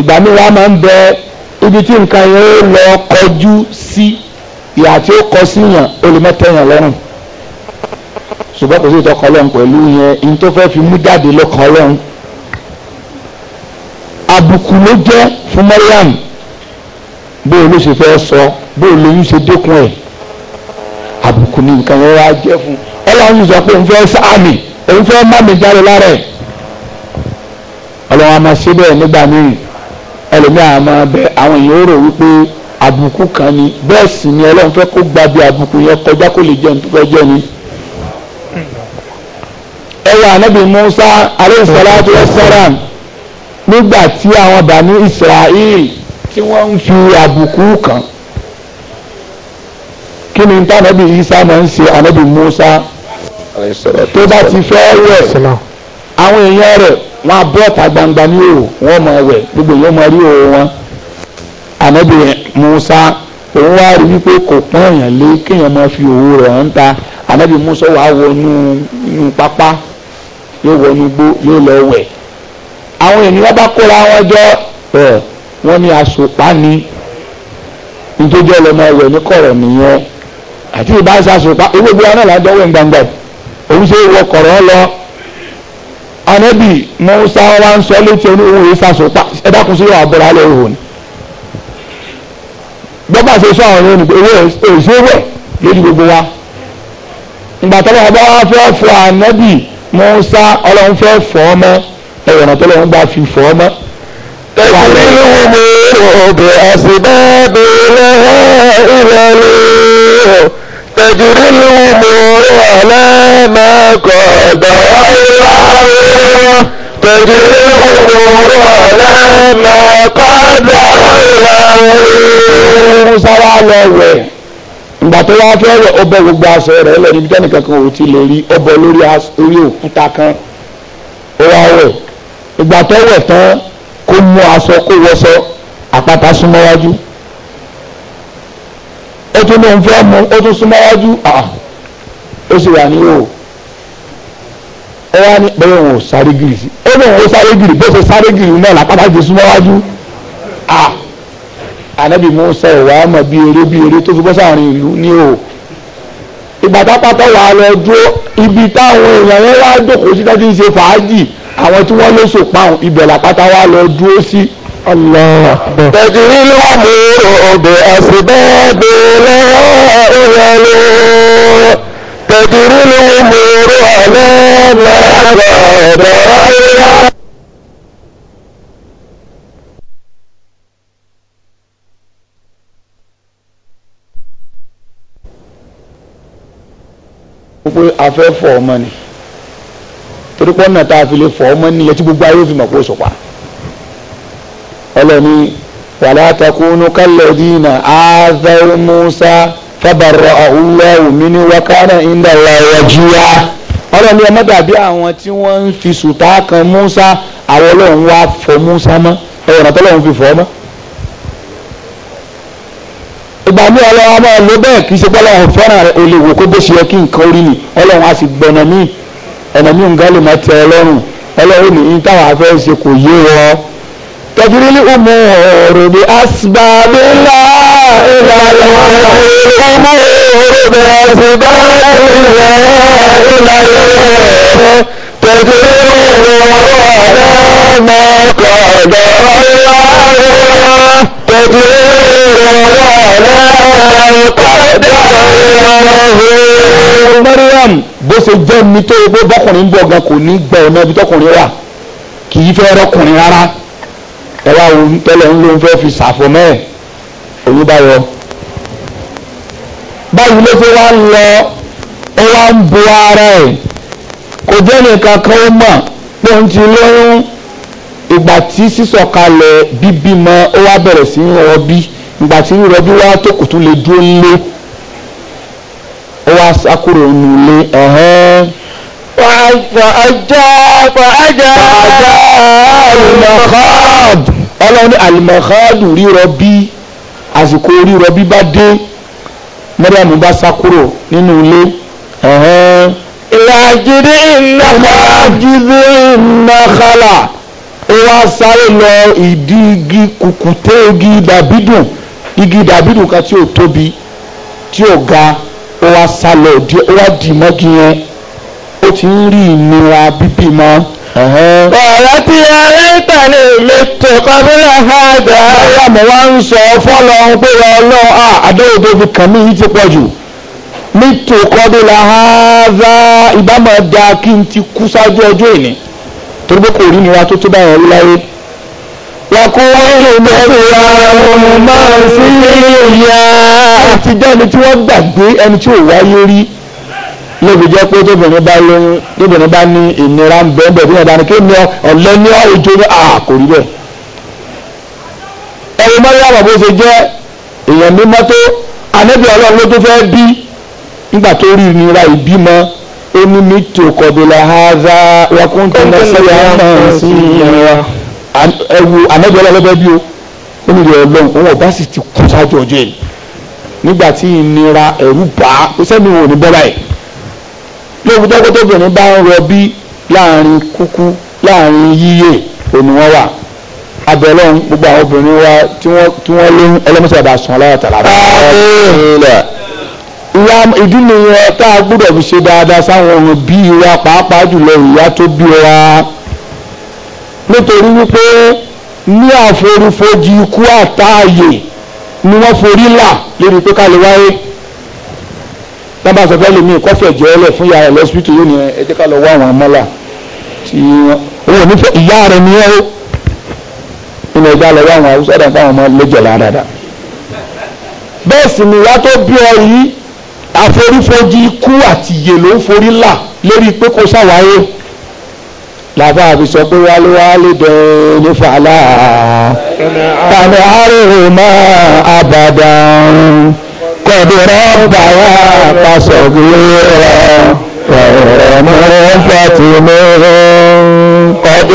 ìgbà míì wá máa ń bẹ ibi tí nǹkan yẹn ó lọ kọjú sí ìyà tí ó kọ sí yàn ó lè má tẹ́ yàn lọ́rùn ṣùgbọ́n kò sí ìtọ́kọ ọlọ́run pẹ̀lú yẹn ní tó fẹ́ fi mú jáde lọ́kàn ọlọ́run àbùkù ló jẹ́ fún Mariam bóyá ló ṣe fẹ́ sọ bóyá lóyún ṣe dẹ́kun ẹ̀ àbùkù ni nǹkan yẹn wá jẹ́ fún ọlọ́run sọ pé òun fẹ́ sáàmì òun fẹ́ má mi jáde lára ẹ̀ ọlọ́run a máa ṣe bẹ́ẹ̀ nígbà mìíràn ẹlòmíà àmọ́ abẹ àwọn èèyàn ó rò wípé àbùkù kan ni bẹ́ẹ̀ sì ni ọlọ́run fẹ́ kó gba bí àbùkù yẹn kọjá kó lè jẹun tó fẹ́ jẹ ni. ẹ wà ànábì Musa alayhi salatu wassalam nígbà tí àwọn bàánú Israel tí wọ́n ń fi àbùkù kàn kí ni tánábì Isa máa ń ṣe ànábì Musa tó bá ti fẹ́ wẹ̀ àwọn èèyàn rẹ̀ wọn abọ́ta gbangba ní òòrùn wọn mọ ẹwẹ̀ gbogbo èèyàn mọ rí òòrùn wọn ànábì Musa òun wá rí wípé kò pọ́n èèyàn lé kéèyàn máa fi òwò rẹ̀ hàn ta ànábì Musa wàá wọnú inú pápá yóò wọnú igbó yóò lọ wẹ̀ àwọn ènìyàn bá kóra wọn jọ ẹ̀ wọ́n ní asòpá ni nítorí ọlọmọ ẹwẹ̀ ní kọ̀rọ̀ nìyẹn àti ìbá ń sasòpá ewé gbéra náà lájọ́ wẹ̀ gbangba òun ṣe wọ kọ̀rọ̀ lọ anabi musa wa ń sọ létí oníhun yìí sàṣọpá ẹdákun sí ìwà àbúrò alẹ́ òhun gbọ́dọ̀ ṣe sọ àwọn ènìyàn owó èso wẹ̀ lórí gbogbo wa ìgbà tọ́lọ́ ọba wa fẹ́ fọ anabi musa ọlọ́run fẹ́ fọ́ ọmọ ẹ̀yọ̀nà tọ́lọ́ ń gbà fi fọ́ ọmọ. تكلمهم بأسباب لها إلى تجري الأمور على ما قدر الله تجري الأمور على ما قدر الله sára lọ́wẹ̀ ìgbà tó wá fẹ́ rẹ̀ ó bẹ gbogbo aṣọ rẹ̀ lẹ́nu ibi tẹ́nìkan kan ò ti lè rí ó lórí òkúta kan ó wá wẹ̀ ìgbà wẹ̀ tán kó mú aṣọ kó wọṣọ àpáta súnmọ́ ó tún lóun fẹ́ mu ó tún súnmọ́ wájú ah, ó sì wà níwò ó wá ní bẹ́ẹ̀ òun ò sáré gírì sí ó lóun ó sáré gírì bó ṣe sáré gírì náà làpáta fi súnmọ́ wájú ah, ànábì Mùsá ìwà àmọ̀ bíi eré bíi eré tó fi bọ́ sáàrin ìlú ní o ìgbà tápátá wà lọ dúró ibi táwọn èèyàn yẹn wá dòkó sí dájú ṣe fàájì àwọn tí wọ́n lóṣù pa ibẹ̀ làpátá wà lọ dúró sí. الله أكبر تجري الأمور بأسباب لا أعلم تجري الأمور على ما قدر pé a fẹ́ fọ ọmọ ni torí pé ọ̀nà tá a fi lè fọ ọmọ nìyẹn tí gbogbo ayé fi mọ̀ pé ó sọ̀pá ọlọ́ni wàlá takunu kalladina azaw musa fabara ọ̀húnlẹ́wù mi ní wákàrà ìdàlá wàjíwá ọlọ́ni ẹ má dàbí àwọn tí wọ́n ń fi sùtá kan musa àwọn ọlọ́run wá fọ musa mọ́ ẹ̀yọ̀nà tọ́lọ́run fi fọ́ mọ́ ìgbà ní ọlọ́run máa lo bẹ́ẹ̀ kì í ṣe pé ọlọ́run fẹ́ràn olèwò kó bó ṣe yẹ kí nǹkan orí ni ọlọ́run á sì gbọ̀nà míì ẹ̀nà tẹ̀júrílì ọmọ ọ̀rọ̀ bí asibabila ìlànà ọmọ ọ̀rọ̀ bí asibabila ìlànà tẹ̀júrílì ọmọ ọ̀rọ̀ mọ́kọ̀ ọ̀dọ̀ ọ̀rọ̀ tẹ̀júrílì ọmọ ọ̀rọ̀ mọ́kọ̀ ọ̀dọ̀ Mariam bó ṣe jẹ́ mi tó o bó bọ́kùnrin bọ̀ gan kò ní gbẹ̀ ọ̀nà ibi tọkùnrin wà kì í fẹ́ rọkùnrin rárá ẹ wá wo tẹ́lẹ̀ ń lóun fẹ́ fi ṣàfọ̀ mẹ́ẹ̀ òun bá yọ. báyìí ló ṣe wá ń lọ ó wá ń bo ara ẹ̀ kò jẹ́ nìkan kan ó mọ̀ pé ń ti lóyún ìgbà tí sísọ̀kalẹ̀ bíbímọ ó wá bẹ̀rẹ̀ sí ń rọbí ìgbà tí ń rọbí wá tó kùtù lè dúró ńlé ó wá sá kúrò nulẹ̀ ẹ̀hẹ́n fàájà fàájà alimakad ọlọ́ni alimakad rírọ bí àsìkò rírọ bí bá dé mẹ́rìàmù bá sá kúrò nínú ilé ìlàjìdí ìnàkàlà ìnàkàlà ó wá sáré lọ ìdí igi kùkùté igi dàbídùn igi dàbídùn kan tí ó tóbi tí ó ga ó wá sálọ ó wá dì mọ́gi ó ti ń rí ìnira bíbí mọ́. ọ̀rẹ́ tí ẹrẹ́ ìtàlẹ̀ mi tó kọbílẹ̀ hàdà. báyà mo wá ń sọ fọ́lọ́run pé ọlọ́run àdéhùn tó fi kàn mí yìí ti pọ̀ jù mi tó kọbílẹ̀ hàdà ìbámu ẹ̀dá kí n ti kú ṣáájú ọjọ́ ìní torí pé kò rí ìnira tó tó báyọ̀ rí láyé wọ́n kó ẹni tí wọ́n gbàgbé ẹni tí ò wáyé rí lóbi jẹ́ pé tóbìnrin bá lóyún tóbìnrin bá ní ìnira ń bẹ́ẹ̀ bẹ́ẹ̀ bí wọ́n dání kí ni ọ̀lẹ́ ní ọ̀jọ́ ní àà kò rí bẹ́ẹ̀. ẹ̀rù mọ́ríyàmù bó ṣe jẹ́ èèyàn mímọ́ tó anábì ọlọ́run ló tó fẹ́ bí nígbà tó rí ìnira ìbímọ ẹni mi tó kọ̀bìlà haza wakuntu nasiya mansiya ẹ̀wù anábì ọlọ́run ló fẹ́ bí o ó ní ìrẹ̀ ọlọ́run òun ọ̀bá sì ti kú sáájú ọjọ́ yìí nígbà tí ìnira ẹ̀rù bá ó sẹ́mi wò ní bọ́lá yìí lóbi tọ́kọ́ tóbìnrin bá ń rọbí láàrin kúkú láàrin yíyè òní wọn wà abẹ́lọ́run gbogbo àwọn obìnrin wa tí wọ́n lóyún ẹlẹ́mọ̀sẹ̀ àbá sàn láyà tàlà. ìyá ìdí nìyẹn tá a gbọ́dọ̀ fi ṣe dáadáa sáwọn ọmọ bíi wa pàápàá jùlọ ìyá tó bí wa nítorí wípé ní àforífojì ikú àtààyè ni wọ́n forí là lórí pé ká lè wáyé lábàá sọ fẹ́ẹ́ lèmi kọ́fẹ́ jẹ́ ẹlẹ̀ fún ìyá rẹ̀ lọ́sibítù yóò ní ẹ jẹ́ ká lọ wá àwọn amọ́là tí wọn ò ìyá rẹ̀ ní ẹ o nínú ẹja lọ wá àwọn haúsá dàn ọmọ lẹ́jọ̀ ládàdà bẹ́ẹ̀ sì ni ìyá tó bí ọ yìí àforífojì ikú àti ìyè ló ń forí là lórí pé kó ṣàwáyé làbá àbí sọ pé wá ló wá lè dẹ ní fàlà tàbí àrùn máa àbàdàn. فقد ربها تصغيرا غير منفتن قد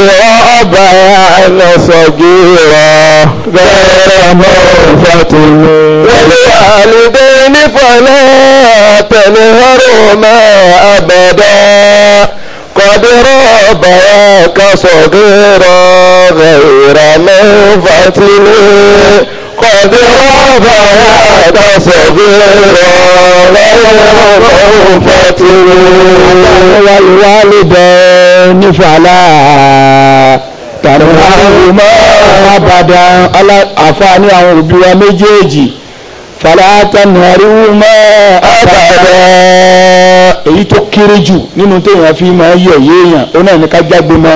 ربها صغيرا غير منفتن والوالدين فلا تنهرهما أبدا قد ربياك صغيرا غير منفتن قد رفع تصبيرا لهم والوالدين فلا ترحمهما أبدا àfààní àwọn òbí wa méjèèjì falatanharuma abada èyí tó kéré jù nínú téèyàn fi máa yẹ̀yẹ́ èèyàn ó náà ní ká jágbe mọ́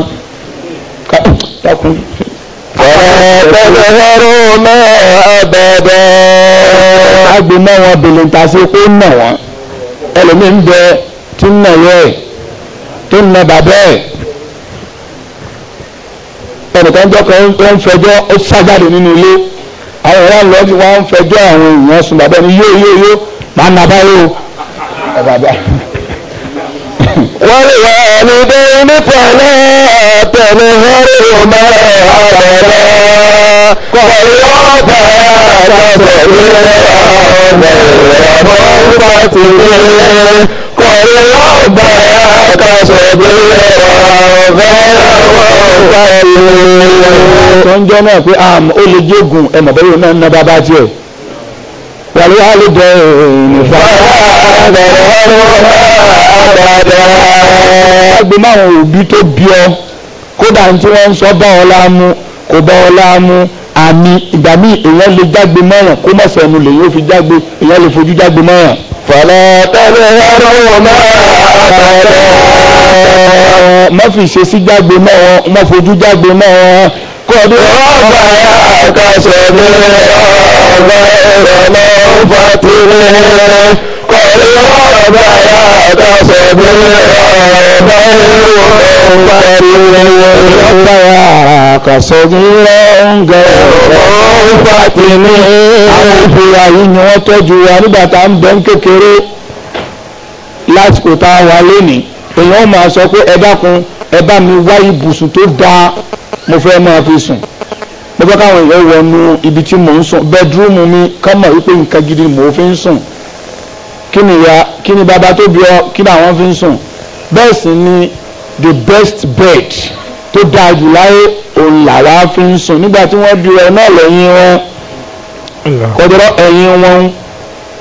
dákun ولا تظهروا ما أبدا agbe mọ wọn bèlè ta sí kó nà wọn ẹlòmíín bẹ tí ń nà yẹ tó ń nà bàbá ẹ ẹnìkan jọ kan ń fẹjọ́ ó ṣàjáde nínú ilé àwọn ìran lọ sí wọn ń fẹjọ́ àwọn èèyàn sùn bàbá ẹni yóò yóò yóò máa nà báyìí والوالدين فلا تنهرهما أبدا والربا تبريرا من ربته والربا tó ń jẹ́ náà pé àmọ́ ó lè jogun ẹ̀mọ̀ bẹ́ẹ̀ náà ná bàbá tiẹ̀ wàlúwàlú dẹ̀ ẹ̀ nìfà ẹgbẹ́ máwọn òbí tó bí ọ kódà tí wọ́n ń sọ bá ọ láàmú kò bá ọ láàmú àmì ìgbà míì èèyàn lè jágbe mọ́ràn kó má sẹ́nu lè yóò fi jágbe èèyàn lè fojú jágbe mọ́ràn. fọlẹ́ tẹ́lẹ̀ ẹ̀rọ máa bẹ̀rẹ̀. má fi ìṣesí jágbe mọ́ má fojú jágbe mọ́ wọn kọ́dú ọgbà yà kásẹ̀ mi ọgbà ẹ̀rọ lọ́ọ́ bá kàṣọ́gúnlọ́n gẹ̀ẹ́rọ̀ fàtìmí àwọn ìfòyà yìí ni wọ́n tọ́jú wa nígbà tá ń bẹ ń kékeré lásìkò tá a wà lónìí èèyàn máa sọ pé ẹ dákun ẹ bá mi wá ibùsùn tó dáa mo fẹ́ máa fi sùn mo fẹ́ káwọn èèyàn wọnú ibi tí mò ń sùn bẹ́ẹ̀dúrúmù mi ká mọ̀ wípé nǹkan gidi mò ń fi ń sùn kí ya kí ni bàbá tó bí ọ kí ni àwọn fi ń sùn bẹ́ẹ̀ sì ni the best bed tó dáa jù láyé òun làwa fi ń sùn nígbà tí wọ́n bí ọ náà lẹ́yìn wọn kọjọ́rọ́ ẹ̀yìn wọn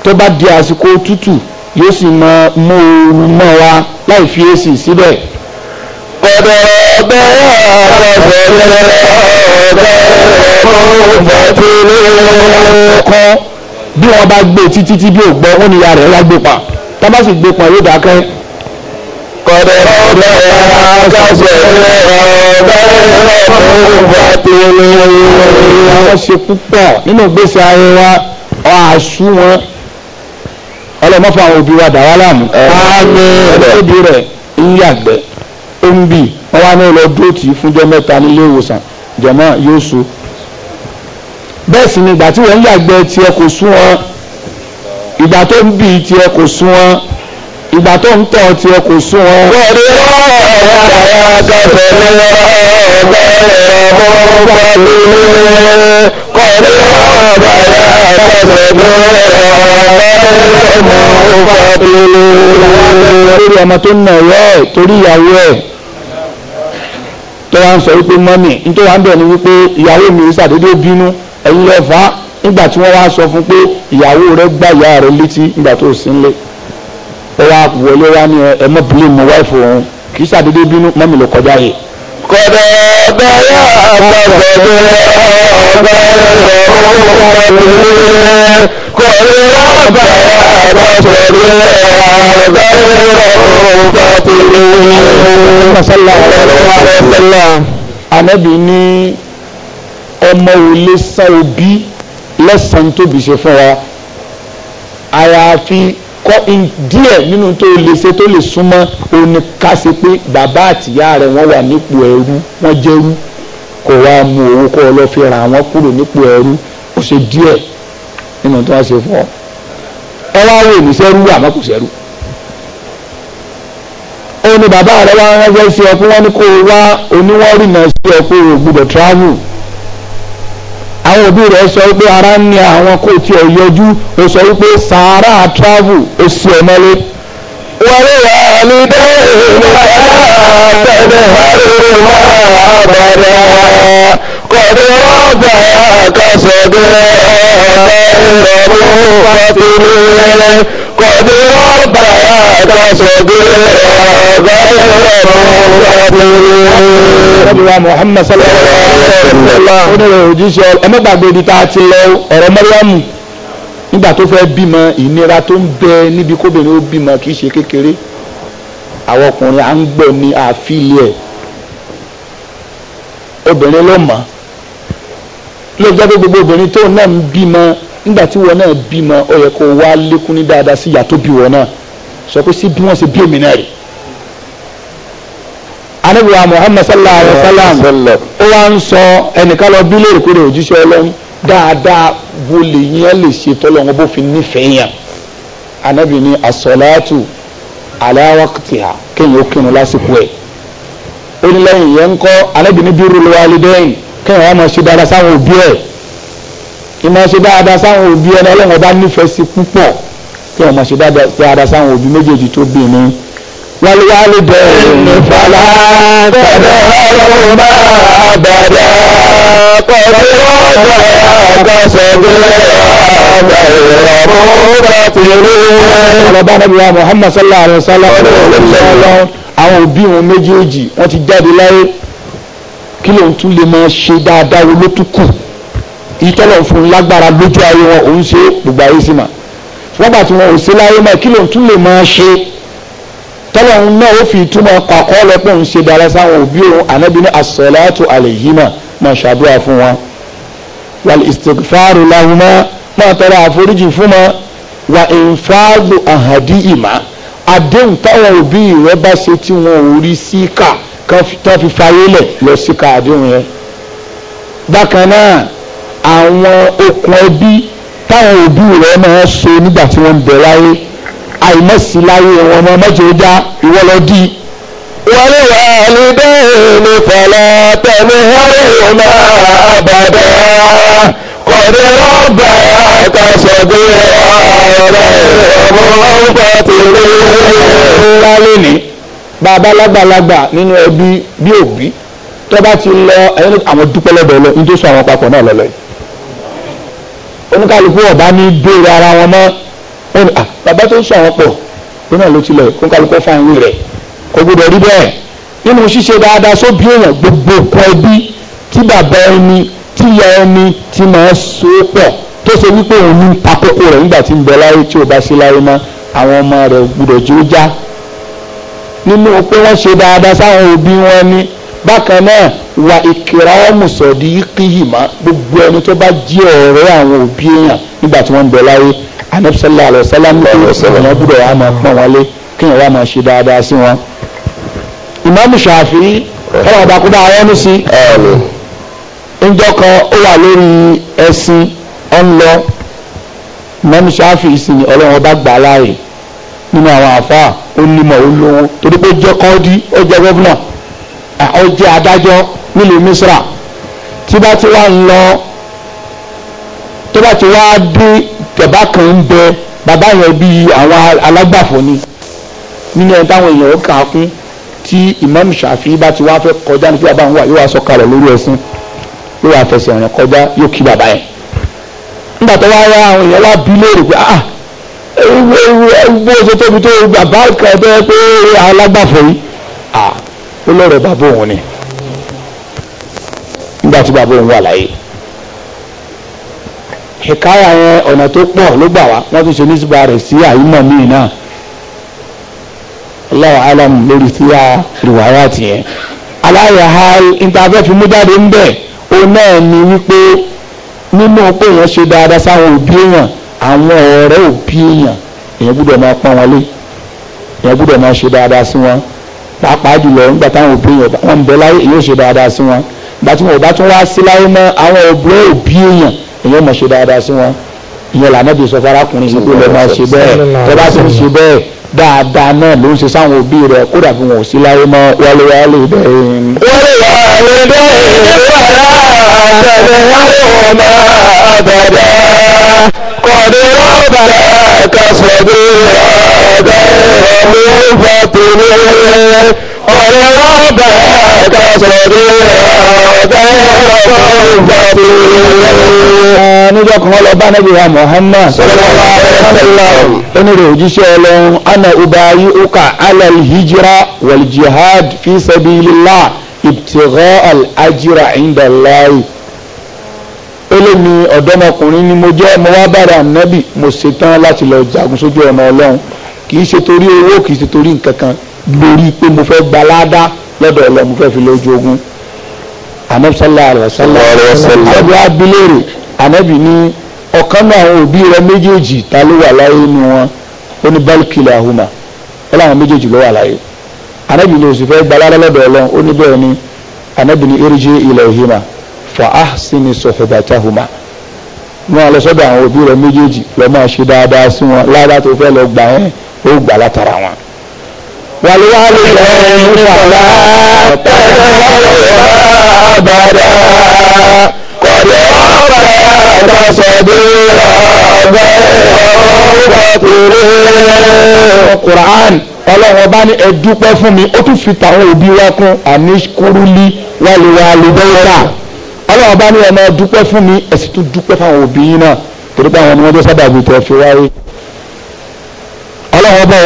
tó bá di àsìkò tútù yóò sì mọ mú oorun mọ́ wa láì fi èsì síbẹ̀. kọjọ́rọ́ bẹ́ẹ̀ ọ̀rọ̀ bẹ́ẹ̀ ọ̀rọ̀ bẹ́ẹ̀ ọ̀rọ̀ bẹ́ẹ̀ bí wọ́n bá gbé títí tí bí ò gbọ́ wọ́n ní ìyá rẹ̀ wá gbé pa tá bá sì gbé pa yóò dákẹ́. kọ́dọ̀ ọ̀dọ̀ akáṣẹ́ ọ̀dọ̀ ṣe púpọ̀ nínú ìgbésí ayé wa àṣù wọn ọlọ́mọ́fà àwọn òbí wa dà wá láàmú. ẹ̀ẹ́dẹ́gbẹ̀ẹ́dì rẹ̀ ń yàgbẹ́ ó ń bì wọ́n wá ní ọlọ́dún òtí fúnjọ́ mẹ́ta nílé ìwòsàn jọ̀mọ́ yóò so bẹ́ẹ̀ sì ni ìgbà tí wọ́n ń yàgbẹ́ tiẹ̀ kò sún wọn ìgbà tó ń bì tiẹ̀ kò sún wọn ìgbà tó ń tọ̀ tiẹ̀ kò sún wọn. wọ́ọ̀dì ọ̀rọ̀ kẹfẹ́ ní ọ̀bẹ̀rẹ̀ ọmọkùnrin kọ̀ọ̀dì ọ̀rọ̀ kẹfẹ́ ní ọ̀bẹ̀rẹ̀ lórí ọmọ tó ń nà ẹ̀ torí ìyàwó ẹ̀ tó wá ń sọ wípé mọ́mì nítorí wá ń bẹ̀ ni wípé ìyàwó mi ṣàdédé bínú ẹ̀yin lẹ fà á nígbà tí wọ́n wá sọ fún pé ìyàwó rẹ gbá ìyá rẹ létí nígbà tó sí nílé ó wá wọlé wá ní ẹ mọ́ bílẹ̀ mọ́ wáìfù òun kì í ṣàdédé bínú mọ́mì ló kọjá yìí. kọ́dọ̀ bẹ́ẹ̀ àtàkọ́dọ̀ bẹ́ẹ̀ kọ́dọ̀ bẹ́ẹ̀ àtàkọ́dọ̀ bẹ́ẹ̀ àtàkọ́dọ̀ bẹ́ẹ̀ ọmọ ò lè san òbí lẹ́sàn tóbi ṣe fún wa àyàfi kọ́ díẹ̀ nínú tó lè ṣe tó lè súnmọ́ òní ká ṣe pé bàbá àtìyá rẹ̀ wọ́n wà nípò ẹrú wọ́n jẹ́rú kò wá mú owó kọ́ ọ lọ fi ra wọ́n kúrò nípò ẹrú ó ṣe díẹ̀ nínú tó wá ṣe fún ọ ẹ wá wò ní sẹ́rú wà kò sẹ́rú ó bàbá rẹ̀ wá ránṣẹ́ sí ọ pé wọ́n ní kó wá oníwọ́rìnà sí ọ pé o travel àwọn òbí rẹ̀ sọ wípé ara ń ní àwọn kò tiẹ̀ yọjú ó sọ wípé sàárà travel ó sì ẹ̀ mọ́lé. wọ́n wà ní dẹ́rù tẹ̀lé àrùn máa bẹ̀rẹ̀ kọ̀dé ọ̀gá kásọ̀dé ọ̀gá ìrọ̀rùn pàtó rẹ̀. قد رفعت صديقا محمد صلى الله عليه وسلم ó ní òjíṣẹ́ ẹ má gbàgbé ibi tá a ti lọ ọ̀rọ̀ mọ́ríàmù nígbà tó fẹ́ bímọ ìnira tó ń bẹ níbi kóbìnrin ó bímọ kì í ṣe kékeré àwọn ọkùnrin à ń gbọ́ ní àfilẹ̀ obìnrin ló mọ̀ ló jẹ́ pé gbogbo obìnrin tó náà ń bímọ nígbà tí wọn náà bímọ ó yẹ kó wá lékún ní dáadáa sí ìyá tó bí wọn náà sọ pé sí bí wọn ṣe bí èmi náà rè anabiwa muhammad sallallahu alaihi wa sallam ó wá ń sọ ẹnìkan lọ bí léèrè kúrò òjíṣẹ́ dáadáa wo lè yẹn lè ṣe tọ́lọ́run bó fi nífẹ̀ẹ́ yẹn anabi ni asọ́láàtù ala waqtiha kéèyàn ó kírun lásìkò ẹ̀ ó ní lẹ́yìn yẹn ń kọ́ anabi ni birrul walidain kéèyàn wá máa ṣe dáadáa sáwọn òbí ẹ̀ ìmọ̀ ṣe dáadáa sáwọn òbí ẹni ọlọ́run ọba nífẹ̀ẹ́ sí púpọ̀ kí ọmọ ṣe dáadáa sáwọn òbí méjèèjì tó bí ní. wálé wálé bẹ́ẹ̀ ní fàlà tẹ̀lé ọlọ́run bá bẹ̀rẹ̀ pẹ̀lú ọ̀dọ̀ àgbàṣẹ́gbẹ́ ọ̀dọ̀ ìrọ̀rùn bá ti rí. ọlọ́ba nàbí wa Muhammad sallallahu alayhi wa sallam àwọn ìtọ́lọ̀ fún lágbára lójú ayé wọn òun ṣe gbogbo ayé sí ma wọ́n gbà tí wọn ò sí láyé mọ́ kí ló ń tún lè máa ṣe tọ́lọ̀ náà ó fi túmọ̀ pàkọ́ lọ pé òun ṣe dára sáwọn òbí òun ànábi ní asọ̀láàtò àlèyímà máa ṣàdúrà fún wọn wàl ìsìtìfáàrù làwọn máa tọrọ àforíjì fún wọn wà ìfáàgbò àhàdí ìmá àdéhùn táwọn òbí rẹ bá ṣe tí wọn ò rí síkà kan fi fayé lẹ̀ lọ síkà àdéhùn yẹn bákan náà àwọn okùn ẹbí táwọn òbí rẹ̀ máa so nígbà tí wọ́n ń bẹ láyé àìmọ́sí láyé wọn ọmọ mọ́jọ dá ìwọ́ lọ dí. wọlé wà ní bẹ́ẹ̀ ni fọlá tẹ̀lé wọlé ọmọ àbàdà kọ̀dé rọ́bà kàṣọ̀gbé ọ̀rẹ́ ọmọ ọgbà tèlé. ńlá lónìí bàbá lágbàlagbà nínú ẹbí bí òbí tó bá ti lọ àwọn dúpẹ́ lọ́dọ̀ lọ ní tó sọ àwọn papọ̀ náà lọ́lọ́ yìí oníkàlùkù ọ̀bá ní béèrè ara wọn mọ́ wọn ni bàbá tó ń sọ àwọn pọ̀ nínú àlọ́ tilẹ̀ oníkàlùkù ọ̀fà ìwé rẹ̀ kò gbọdọ̀ rí bẹ́ẹ̀ nínú ṣíṣe dáadáa sóbí èèyàn gbogbo ọkọ ẹbí tí bàbá ẹni tí ìyá ẹni tí máa so pọ̀ tó ṣe wípé òun ní takoko rẹ̀ nígbà tí ń bẹ láyé tí ò bá sí láyé mọ́ àwọn ọmọ rẹ̀ gbọdọ̀ jó já nínú pé wọ́n ṣe dáadáa sáwọn òbí wọn ni bákan náà wà ìkìrámù sọ̀dí kíyìmá gbogbo ẹni tó bá jẹ́ ọ̀rẹ́ àwọn òbí èèyàn nígbà tí wọ́n ń bẹ láyé anabisalla alayisalaam ní ìwọ̀n gbúdọ̀ wà máa pọ̀ wọn lé kí wọ́n wà máa ṣe dáadáa sí wọn. ìmáàmù Ṣàfi'í ọ̀rọ̀ ọba kó bá ara ẹnu kan ó wà lórí ẹṣin ọ̀nlọ ìmáàmù Ṣàfi'í sì ni ọlọ́run ọba gbà láàyè nínú àwọn àfáà ó nímọ̀ ó lówó torí pé jọ́kọ́ dí ó jẹ́ gọ́vnà ó jẹ́ adájọ́ nílùú Misra tí bá ti wá ń lọ tó bá ti wá dé bàbá kan ń bẹ bàbá yẹn bíi àwọn alágbàfọ̀ ni nínú ẹni táwọn èèyàn kà á kún tí Imam Shafi bá ti wá fẹ́ kọjá ní kí bàbá ń wà yóò wá sọ̀kalẹ̀ lórí ẹṣin yóò wá fẹsẹ̀ rìn kọjá yóò kí bàbá yẹn nígbà tó wá rá àwọn èèyàn lábí léèrè pé ah ewu ewu ewu bó ṣe tóbi tó bàbá kan bẹ́ẹ̀ pé alágbàfọ̀ yìí ah ó lọ́rọ̀ bàbá òun ni nígbà tí bàbá òun wà láyé ìkáyà yẹn ọ̀nà tó pọ̀ ló gbà wá wọ́n tún ṣe nísìbà rẹ̀ sí àyímọ̀ míì náà Allahu alam lórí tí a rìwáyà tìyẹn aláyàhá ìtafẹ́ fi mú jáde ń bẹ̀ ó náà ni wípé nínú pé èèyàn ṣe dáadáa sáwọn òbí èèyàn àwọn ọ̀rẹ́ òbí èèyàn èèyàn gbúdọ̀ máa pọ́n wọn lé èèyàn gbúdọ̀ máa ṣe dáadáa sí wọn pàápàá jùlọ nígbà táwọn òbí yẹn wọn ń bẹ láyé èyí ò ṣe dáadáa sí wọn ìgbà tí wọn ò bá tún wá sí láyé mọ́ àwọn òbí òbí èèyàn èyí ò mọ̀ ṣe dáadáa sí wọn ìyẹn lànàbí sọ farakùnrin yìí kó lè máa ṣe bẹ́ẹ̀ tó bá ti ń ṣe bẹ́ẹ̀ dáadáa náà ló ń ṣe sáwọn òbí rẹ̀ kódà fún wọn ò sí láyé mọ́ wálé wálé bẹ́ẹ̀. wálé wálé bẹ́ẹ̀ fara àtẹ̀lẹ́ wálé wọn máa bẹ̀rẹ̀. قدير فلا كصديرا دير منفتنين ولربك níjọ́ kan lọ bá nẹ́bí wa Muhammad onírè òjíṣẹ́ ọlọ́run ana ubayi uka alal hijira wal jihad fi sabilillah ibtigha al ajira inda Allahi ó lé ọ̀dọ́mọkùnrin ni mo jẹ́ mo wá bára ànábì mo ṣetán láti lọ jagun sójú ọ̀nà ọlọ́run kì í ṣe torí owó kì í ṣe torí nǹkan kan lórí pé mo fẹ́ gba ládá lọ́dọ̀ ọlọ́run mo fẹ́ fi lójú ogun ànábì sallallahu alaihi wasallam ànábì abilérè ànábì ní ọ̀kan náà àwọn òbí rẹ méjèèjì ta ló wà láyé nu wọn ó ní bálùkìlà àhùmà ó láwọn méjèèjì ló wà láyé ànábì ló sì fẹ́ gba lọ́dọ̀ ọlọ́run fa ahsini suhbatahuma wọn lọ sọ́dọ̀ àwọn òbí rẹ méjèèjì lọ máa ṣe dáadáa sí wọn ládàá tó fẹ́ lọ gbà yẹn ó gbà látara wọn. wàlúwàlú lẹ́yìn ìfàlà tẹ̀sán bàdà kọ̀dé ọ̀pẹ àtàṣọ̀dé ọ̀bẹ ọ̀pọ̀tìrẹ́. Quran ọlọ́run ọba ní ẹ fún mi ó tún fi tàwọn òbí wa kún àníkúrúlí wàlúwàlú bẹ́ẹ̀ náà ọlọ́run bá ní ẹ̀mọ́ dúpẹ́ fún mi ẹ sì tún dúpẹ́ fáwọn òbí yín náà torí pé àwọn ni wọ́n jẹ́ sábàbí tẹ́ fi wáyé ọlọ́run bá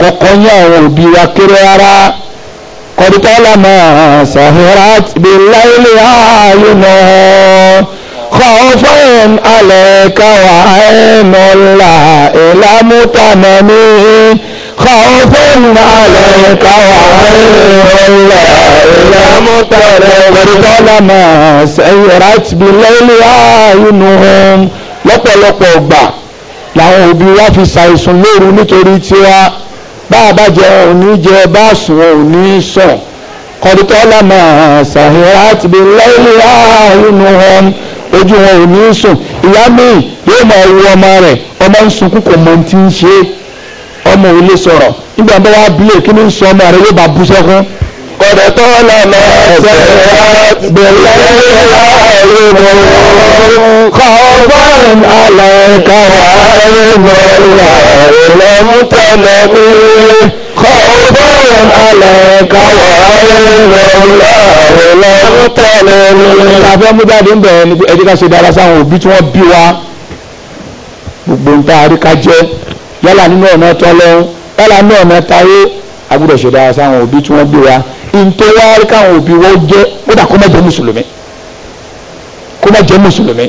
kọ́kọ́ yín àwọn òbí wa kéré rárá kọ́dúkọ́ lámà sàhírà bí láìlè ààyè náà kọ́fọ́n alẹ́ káwá ẹ̀ nọ́là ìlàmútàmẹ́mí. خوف عليك وعلى يا مطرب طالما سيرت بالليل عينهم lọ́pọ̀lọpọ̀ ọgbà làwọn òbí wa fi ṣàìsùn lóru nítorí tiwa bá a bá jẹ òní jẹ bá sùn òní sùn kọ̀dútọ́ lámà sàhírà ti bí lẹ́yìn ààrùn wọn ojú wọn òní sùn ìyá mi yóò máa wo ọmọ rẹ̀ ọmọ ń sunkún kò mọ̀ ti ń ṣe é ọmọ ò lè sọ̀rọ̀ nígbà bá wá bílẹ̀ kí ní sọ ọmọ rẹ̀ yóò bá bú sẹ́kún. kọ̀dọ̀ tó lọ mọ ẹsẹ̀ bẹ̀rẹ̀ ìlú kọ̀ọ̀bọ̀n àlàkà àrẹ̀mọ̀lá ìlọ́mútẹ̀lẹ̀ mi. kọ̀ọ̀bọ̀n àlàkà àrẹ̀mọ̀lá ìlọ́mútẹ̀lẹ̀ mi. tàbí ọmọdé ń bẹ̀rẹ̀ ní ẹjẹ́ ká ṣe dára sáwọn òbí tí wọ́n bí wa gbogbo ń tá a rí ká jẹ́ yálà nínú ọ̀nà tọ́lọ́hún yálà nínú ọ̀nà táyé agbọ́dọ̀ ṣe dára sáwọn òbí tí wọ́n gbé wa ntọ́wárí káwọn òbí wọ́n jẹ́ kódà kó má jẹ́ mùsùlùmí kó má jẹ́ mùsùlùmí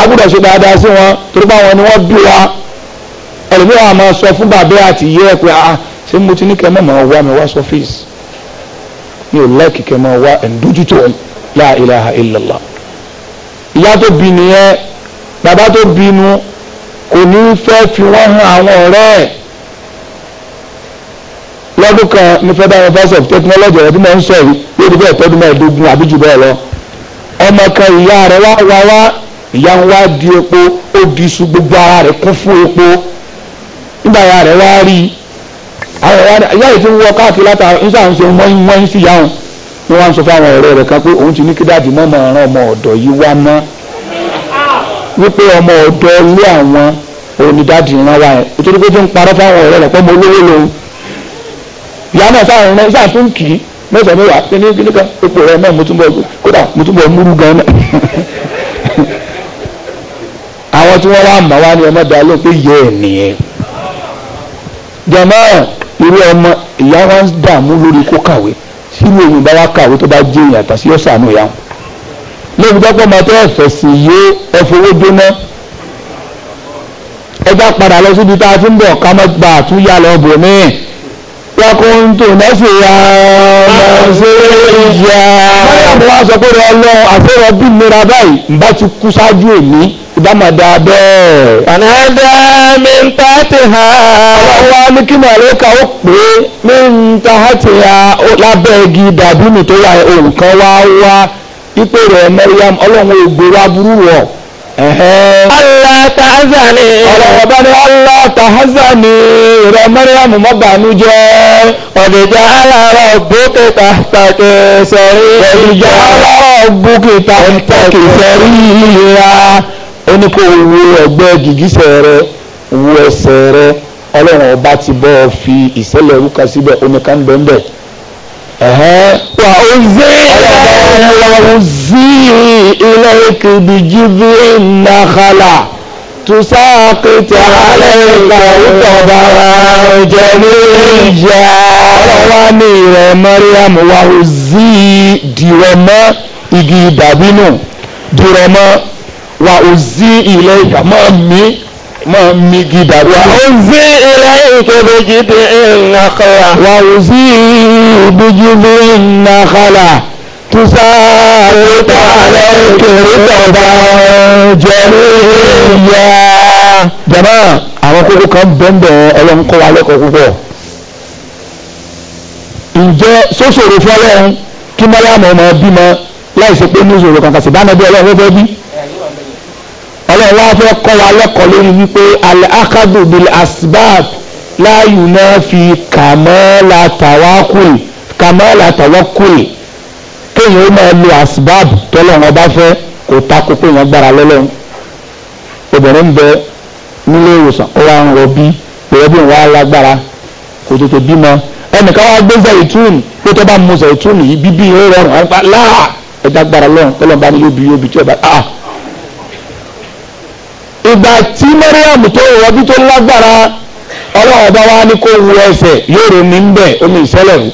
agbọ́dọ̀ ṣe dáadáa sí wọn torí báwọn ni wọ́n bí wa ẹlòmíràn àmọ́ sọ fún bàbá àti ìyá ẹ̀ pé ah ṣé mo ti ní kẹ́ mọ̀ mọ́ wá mi wá sọ́fíìsì mi ò lẹ́ẹ̀kì kẹ́ mọ́ wá ẹ̀ńdójútó ìyá tó bí nìyẹn bàbá tó bí kò ní fẹ́ fi wọ́n hàn àwọn ọ̀rẹ́ ẹ̀ lọ́dún kan mo fẹ́ bá wọn fásitì of technology ọ̀rọ̀ tí mo ń sọ yìí yóò di bẹ́ẹ̀ tọ́dún mẹ́ẹ̀ẹ́dógún àbí jù bẹ́ẹ̀ lọ ọmọ kan ìyá rẹ̀ wá wá wá ìyá ń wá di epo ó di iṣu gbogbo ara rẹ̀ kún fún epo nígbà ìyá rẹ̀ wá rí i àwọn ìyá yìí ti ń wọ káàkiri látara ń sàn ṣe mọ́ín mọ́ín sí ìyá wọn ni wọ́n sọ fún àwọn ọ̀rẹ́ rẹ̀ kan pé òun ti ní kí dáàdì mọ́mọ́ ọ̀ràn ọmọ ọ̀dọ̀ yìí wá náà wípé ọmọ ọ̀dọ́ ilé àwọn onídàájì ìran wa yẹn nítorí pé tí ń parọ́ fáwọn ọ̀rẹ́ rẹ̀ pé mo lówó lòun ìyá náà táwọn ọ̀rẹ́ náà tún kì í mẹ́sàn-án mẹ́wàá pé ní kíní kan epo rẹ̀ náà mo tún bọ̀ kódà mo tún bọ̀ múrú gan náà àwọn tí wọ́n wá mọ̀ wá ní ọmọ dalóhùn pé yẹ ẹ̀ nìyẹn jọmọ́ irú ọmọ ìyá wa ń dààmú lórí kó kàwé sínú èyí bá wá kàwé tó bá jẹ́ ìyàtọ̀ sí ọ̀sán àánú ìyá wọn lóbi dọ́pọ̀ máa tẹ́ ẹ̀fẹ̀ sí yé ẹ̀fowó dóná ẹja padà lọ síbi tá a ti ń bọ̀ ká má gbà tún yà lọ bò mí yọkùn tó náà sì yà ọmọ ṣe é yà. báyọ̀ mo wá sọ pé rẹ lọ àfẹ́rọ bí nira báyìí nbá ti kú ṣáájú èmi ìbámadà bẹ́ẹ̀. ànádà mi ń ta ti hà. ọlọ́wọ́ ní kí màlúkà ó pè é mi ń ta ti hà lábẹ́ igi dàbí mi tó wà nǹkan wá wá ipò rẹ̀ mẹ́ríam ọlọ́run ògbèrò aburú wọ̀. Allah tahazani. bá ní Allah tahazani rẹ̀ mẹ́ríam mọ́ bànújẹ́. ọ̀dẹ̀dẹ̀ alára bókè tàkì sẹ́rí. ọ̀dẹ̀dẹ̀ alára bókè tàkì sẹ́rí ìlera. ó ní kó wo ẹgbẹ́ gìgísẹ̀ rẹ wo ẹsẹ̀ rẹ ọlọ́run ọba ti bọ́ fi ìṣẹ̀lẹ̀ rúkà síbẹ̀ omi kan bẹ́ẹ̀ bẹ́ẹ̀. وأوزي إليك بجذع النخلة تساقط عليك رطبا جليجا ọlọ́wání rẹ̀ Mariam وأوزي dìrọ̀mọ́ igi dàbínú dìrọ̀mọ́ وأوزي إليك mọ́ mi máa mi gi dàrú. wà ó sí ilé ìkébejì bí nàkàlà. wà ó sí ìbejì bí nàkàlà. tusa àrùtà alẹ́ kiri tọ̀gbà jẹ̀rí ìyá. jama àwọn kókó kan bẹ́ẹ̀ ọlọ́nkọ́ wa lẹ́kọ̀ọ́ púpọ̀. ǹjẹ́ sóṣòro fọlẹ́run kí mọ́lá mọ̀ ọmọ bímọ láì pé ní ìṣòro kankan sì bá nàbí ọlọ́run fẹ́ bí ọlọ́run wá fẹ́ kọ́ wa lẹ́kọ̀ọ́ lórí wípé alẹ́ akadu bil asbab láàyò náà fi kàmọ́lá tàwákùl kàmọ́lá ó máa lo asbab tọ́lọ́run ọba fẹ́ kò takò pé èèyàn gbára lọ́lọ́run obìnrin ń bẹ nílé ìwòsàn ó wá ń rọbí pẹ̀lú ìwà alágbára kò tètè bímọ ẹnìkan wá gbé zaitun pé tó bá mu zaitun yìí bíbí yóò rọrùn láà ẹ̀dá gbára lọ́run tọ́lọ́run bá ní yóò bí yóò bí tí ó bá ah ìgbà tí Mariam tó rọbí tó lágbára ọlọ́run ọba wa ní kó wu ẹsẹ̀ yóò rò mí bẹ̀ omi ìṣẹ̀lẹ̀ rù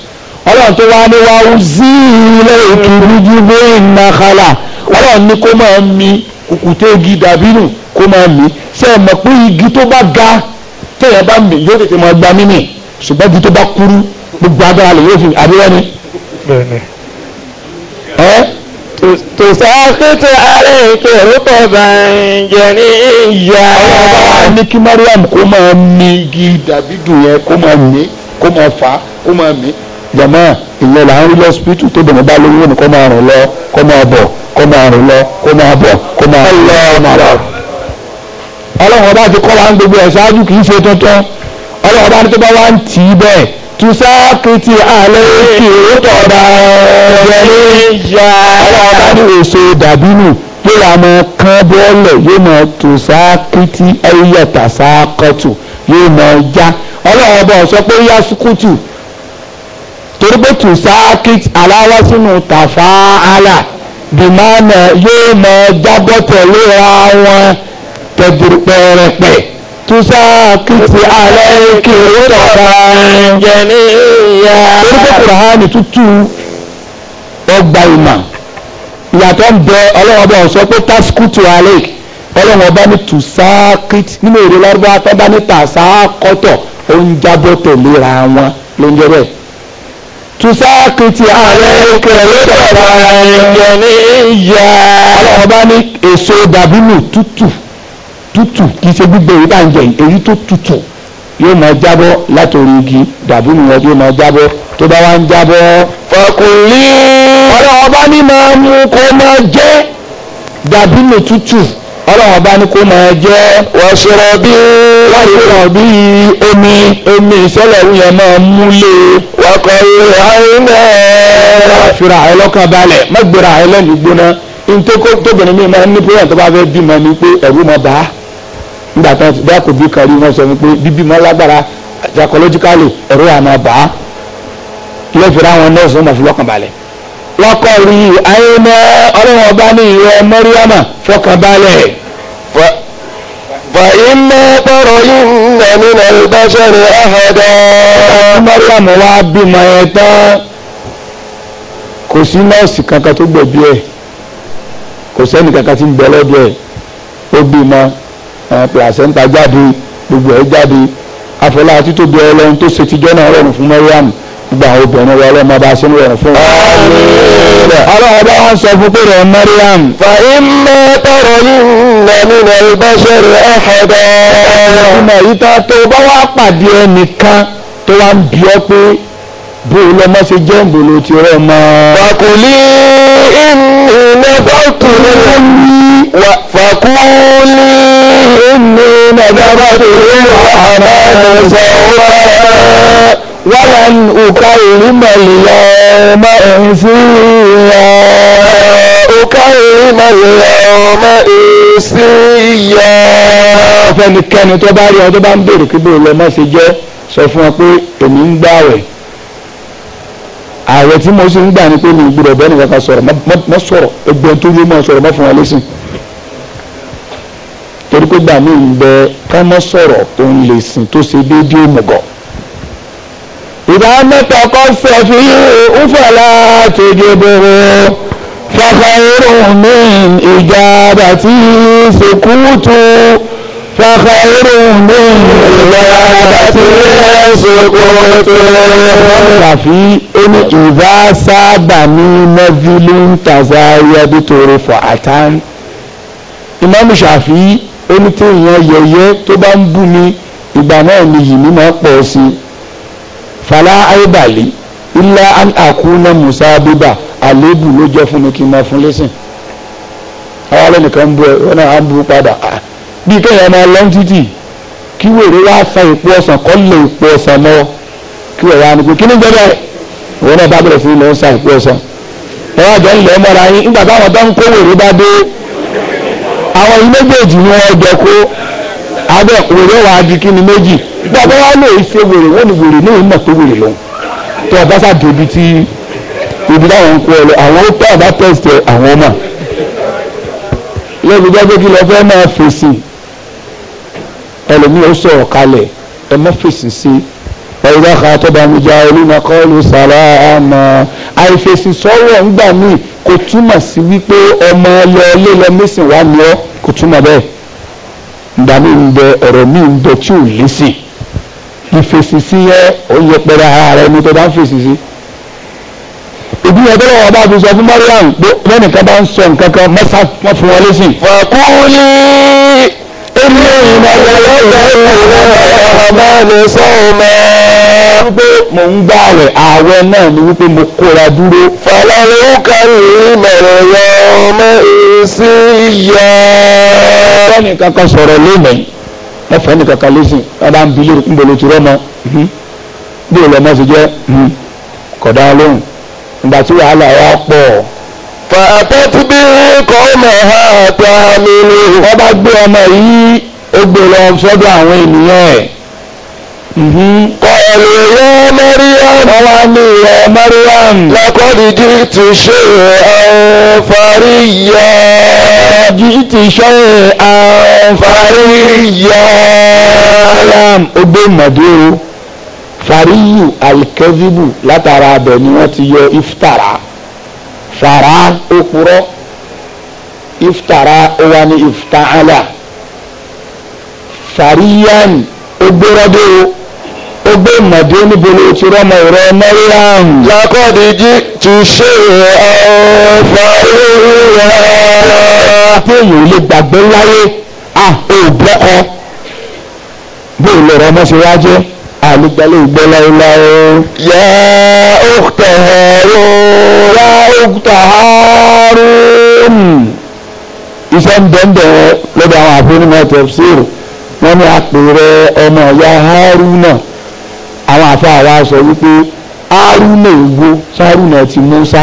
ọlọ́run tó wá ní wàá zí ilé ìtúrú ju bóyá ìnáxalà ọlọ́run ní kó máa mi kùkùté igi dàbínú kó máa mi ṣe mọ̀ pé igi tó bá ga tẹ̀yẹ̀ bá mi yóò tètè máa gba mímì ṣùgbọ́n igi tó bá kúrú gbogbo agbára lè yóò fi àbí tòṣàkìtì àríkè rúkọ̀ bàǹjẹ̀ ní ìyá. ọlọ́run ní kí mariam kó máa mi igi dàbídù yẹn kó máa mi kó máa fà á kó máa mi jàmọ́ ìyẹn là ń rí lọ́sibítù tó bẹ̀rẹ̀ bá lórí òní kó máa rìn lọ kó máa bọ̀ kó máa rìn lọ kó máa bọ̀ kó máa rìn lọ. ọlọ́run ọba ti kọ́ wa ń gbogbo ẹ̀ ṣáájú kì í ṣe tuntun ọlọ́run ọba ní tó bá wá ń tì í bẹ́ẹ̀ tùsákìtì kiti kì í tọ̀dà ẹ̀jẹ̀ níjà ọlọ́ọ̀bá ní èso dàbínú yóò wá mọ kán bọ́ọ̀lẹ̀ yóò mọ tùsákìtì ẹ̀yẹ tàsákọ̀tù yóò mọ já ọlọ́ọ̀bá sọ pé yá sukutu torí pé tùsákìtì aláwọ̀ sínú tàfáàlà bìmánà yóò mọ jábọ́ tẹ̀lé ra wọn tẹ̀dùrú tusaakiti alẹ́kì rọ́bà jẹ̀míyà. orúkọ kùràánì tútù ọgbà ìmà ìyàtọ̀ ń bẹ ọlọ́wọ́ bá sọ pé taskutu alẹ́kì ọlọ́wọ́ bá ní tusaakiti nínú èrè lọ́dọ́ atọ́ bá ní tàṣàkọ́tọ̀ oúnjẹ́bọ́ tẹ̀léra wọn ló ń jẹ bẹ́ẹ̀ tusaakiti alẹ́kì rọ́bà jẹ̀míyà. ọlọ́wọ́ bá ní èso dàbínú tútù tútù kì í ṣe gbígbẹ èyí bá ń jẹ èyí tó tútù yóò máa jábọ́ látòrí igi dàbí mi yẹn yóò máa jábọ́ tó bá wá ń jábọ́. fọkùnrin ọ̀rọ̀ ọba ní máa mú kó máa jẹ́ dàbí mi tútù ọlọ́run ọba ní kó máa jẹ́ wọ́ṣọ́rọ́ bí wọ́ṣọ́rọ́ bí omi omi ìṣẹ̀lẹ̀ ń yẹn máa mú lé wọ́kọ̀ ìhànlẹ̀. fira ẹ balẹ̀ mẹ́gbẹ̀rẹ̀ ẹ gbóná ntẹ́kọ́ mi máa ń ní pé ẹ̀ tó bá fẹ́ bímọ ni pé ẹ̀rú máa bá a nígbà tó bí àkòbí kan rí wọ́n sọ wípé bíbí mọ́ lágbára psychologically ẹ̀rọ àmọ́ bá lẹ́fẹ̀ẹ́ àwọn nọ́ọ̀sì wọn mọ̀ fi lọ́kàn balẹ̀ lọ́kọ̀ rí ayé mọ́ ọlọ́run ọba ní ìwọ mọ́ríyàmà fọkàn balẹ̀. فإما ترين من البشر أحدا مريم wá bímọ ẹ̀ tán kò sí nọ́ọ̀sì kankan tó gbẹ̀bí ẹ̀ kò sẹ́ni kankan tí ń bẹ lọ́dọ̀ ẹ̀ ó bímọ placenta jáde gbogbo ẹ̀ jáde àfọlá àti tóbi ọlọ́run tó ṣe tijọ́ náà rọrùn fún Mariam gbogbo àwọn obìnrin wa ọlọ́mọ bá ṣe ń rọrùn fún wọn. ọlọ́run bá wọn sọ fún pẹ̀lú Mariam. fa imma tarayinna min al-bashari ahada. ọmọ yìí tá tó bá wá pàdé ẹnìkan tó wá bí ọ pé bó lọmọ ṣe jẹ́ ìbòlò tí rẹ̀ mọ́. wàkùnrin. إني نذرت لي فقولي إني نذرت للرحمن سواء ولن أكلم اليوم إنسيا أكلم اليوم إنسيا fẹ́nikẹ́ni tó bá rí ọ tó bá ń bèrè kí bò lọ mọ́ ṣe jẹ́ ààrẹ tí mo sì ń gbà ní pé mi gbúdọ̀ bẹ́ẹ̀ nìkan kan sọ̀rọ̀ má sọ̀rọ̀ ẹgbẹ́ tó yé mọ́ sọ̀rọ̀ má fún wa lẹ́sìn torí pé gbà mí ń bẹ ká má sọ̀rọ̀ òun lè sìn tó ṣe déédéé mọ̀gọ́. ìdá mẹ́ta kọ́ sẹ́fì ń fọ̀lá tèjé bòrò fàkàrọ̀ mi ìjà àbàtì ṣèkúùtù. فخير من زيادة سكوت وفي إن إذا سابني نذل تزايد رفعتان Imam Shafi'i ẹni tí ìyẹn yẹyẹ tó bá ń bú ni ìgbà náà ni yìí mímọ́ pọ̀ sí i fàlà àìbàlì illa an akuna musa bíbà àlébù ló jẹ́ fún mi kí n máa fún lẹ́sìn àwọn alẹ́ nìkan ń bú ẹ wọn náà á ń bú padà á bí kéèyàn máa lọ títì kí wèrè wá fa èpo ọsàn kọ́ lè èpo ọsàn mọ́ kí wèrè wá ní pé kí ní gbẹ́dẹ̀ ìwọ náà bá bẹ̀rẹ̀ sí ní lọ sa èpo ọsàn ẹ̀rọ àjọ ńlẹ̀ mọ́ra yín nígbà táwọn tó ń kó wèrè bá dé àwọn yìí méjèèjì ni wọ́n jọ kó abẹ́ wèrè wà á di kí ni méjì bí abẹ́ wá lè ṣe wèrè wọ́n ni wèrè ní ìmọ̀ tó wèrè lòun tó ọba sá débi tí ibi táwọn ń kó ẹ lọ àwọn ó tẹ́ àbá tẹ̀sítẹ̀ àwọn ọmọ lẹ́nu ẹlòmíì ó sọ̀rọ̀ kalẹ̀ ẹ má fèsì sí ẹ̀rọ àtọ́ba mi já olúmọ kọ́ọ̀lù sàrà àmọ́ àìfèsì sọ́rọ̀ ńgbà míì kò túmọ̀ sí wípé ọmọ ọlọ́ọ̀lẹ́ lọ mẹ́sìn wá ní ọ́ kò túmọ̀ bẹ́ẹ̀ ìgbà mi ń bẹ ọ̀rọ̀ mi ń bẹ tí ò lẹ́sìn ìfèsì sí yẹ òun yẹ pẹ̀lú ara rẹ ní tó bá ń fèsì sí ìdí ẹgbẹ́ lọ́wọ́ bá fi sọ fún Mariam pé lẹ́nìkan bá ń sọ nǹkan kan mọ́sá wọn fún wọn lẹ́sìn. fàkúrú إني نذرت للرحمن صوما wípé mò ń gbà rẹ̀ ààwẹ̀ náà ni wípé mo kóra dúró. fàlàlẹ́ kàrí ìmọ̀ràn yọ ọmọ èsì yọ. ẹnì kankan sọ̀rọ̀ lónìí ẹ̀fọ́ ẹnì kankan lẹ́sìn ọba ń bilé ń bolo tirọ́ mọ́ mhm. bí olè mọ́ sí jẹ́ mhm. kọ̀dá lóhùn ìgbà tí wàhálà wa pọ̀ fàtẹ́tù bí kò mọ̀ ha àtà mi ni. wọ́n bá gbé ọmọ yìí ó gbé lọ sọ́dọ̀ àwọn ènìyàn ẹ̀. Mm-hmm. Kọ̀ọ̀lù rẹ̀ Mariam. Wọ́n wá ní rẹ̀ Mariam. Lakọ́dìdì ti ṣe àǹfààrí yẹ. Lakọ́dìdì ti ṣe àǹfààrí yẹ. Mariam ogbó màdé o. Fàríyù Alkezibu látara abẹ ni wọ́n ti yọ iftara fara ó purọ́ iftara ó wá ní iftaala fariyan ó gbérọ́dé o ó gbé màdé níbo ló ti rọ́mọ ìrọ́ mẹ́rìlán. lakọ́dí jí ti ṣe ọ̀fọ̀ ìrora. bí èèyàn lè gbàgbé láyé a ah, ò bọ́kọ bó lọ̀rọ̀ ọmọ ṣe wá jẹ́ àlùgbàlẹ̀ ìgbọ́ láéláé. yẹ òkùtà ẹ̀rọ wá òkùtà ààrùn. iṣẹ́ ń bẹ̀ǹbẹ̀ lọ́dọ̀ àwọn àfihàn tẹ̀síìrì wọ́n ní àpèrè ọmọ ìyá haruna àwọn àfáà wa sọ wípé haruna ògbó haruna ti musa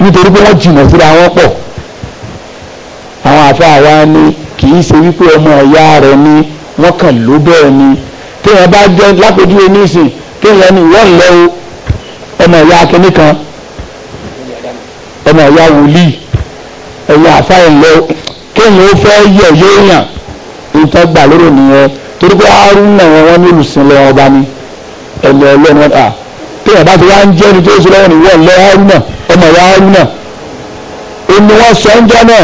nítorí pé wọ́n jìnà síra wọn pọ̀ àwọn àfáà wa ní kì í ṣe wípé ọmọ ìyá rẹ̀ ni wọ́n kàn ló bẹ́ẹ̀ ni tí wọ́n bá jẹ́ lápẹjú omi ìsìn kí wọ́n ní ìwọ́n lẹ́ o ọmọ ìyá akíní kan ọmọ ìyá wòlíì ẹ̀yà àfa ìlẹ́ o kí wọ́n fẹ́ yẹ̀ yéèyàn nǹkan gbà lérò nìyẹn torí pé arúnà wọn wọn ní olùsìnlẹ̀ ọba ni ẹ̀lẹ́ ọlọ́run wọn à tí wọ́n bá ti wá ń jẹ́ ẹni tó ṣe lọ́wọ́ ní ìwọ́n lẹ́ arúnà ọmọ ìyá arúnà èmi wọn sọ ń náà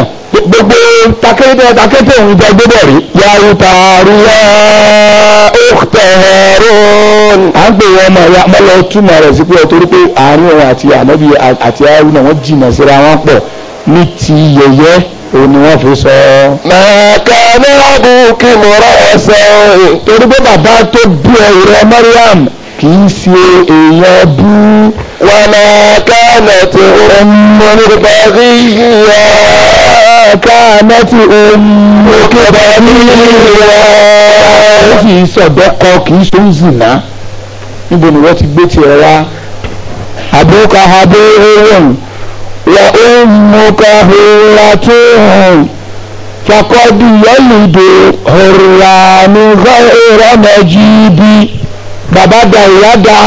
gbogbo takété takété òun jẹ́ gbébọ̀ rí yàrá ìtàrúwẹ́ mukhtarun. à ń pè wọn ọmọ ìyá mọ́lá túmọ̀ rẹ̀ sí pé ọ torí pé àánú wọn àti ànábì àti arúnà wọn jìnnà síra wọn pọ̀ ní ti yẹ̀yẹ́ òun ni fi sọ. màkà ní ọdún kí mo rọ ẹsẹ. torí pé bàbá tó bí ẹ̀rọ Mariam kì í ṣe èèyàn bú. wàlá kánà tó ń mọ nípa yíyá kánẹ́tì òmùkébà nílẹ̀. ó sì ń sọ̀dọ́ kọ kì í ṣe ń zìnà níbo ni wọ́n ti gbé tiẹ̀ wá. àbúkà abẹ́ òun wà òmùkà òwúrà tó hàn fakọ́dù yẹ́lìdè ọ̀rànù ọ̀rànà jíbi bàbá da ìyá da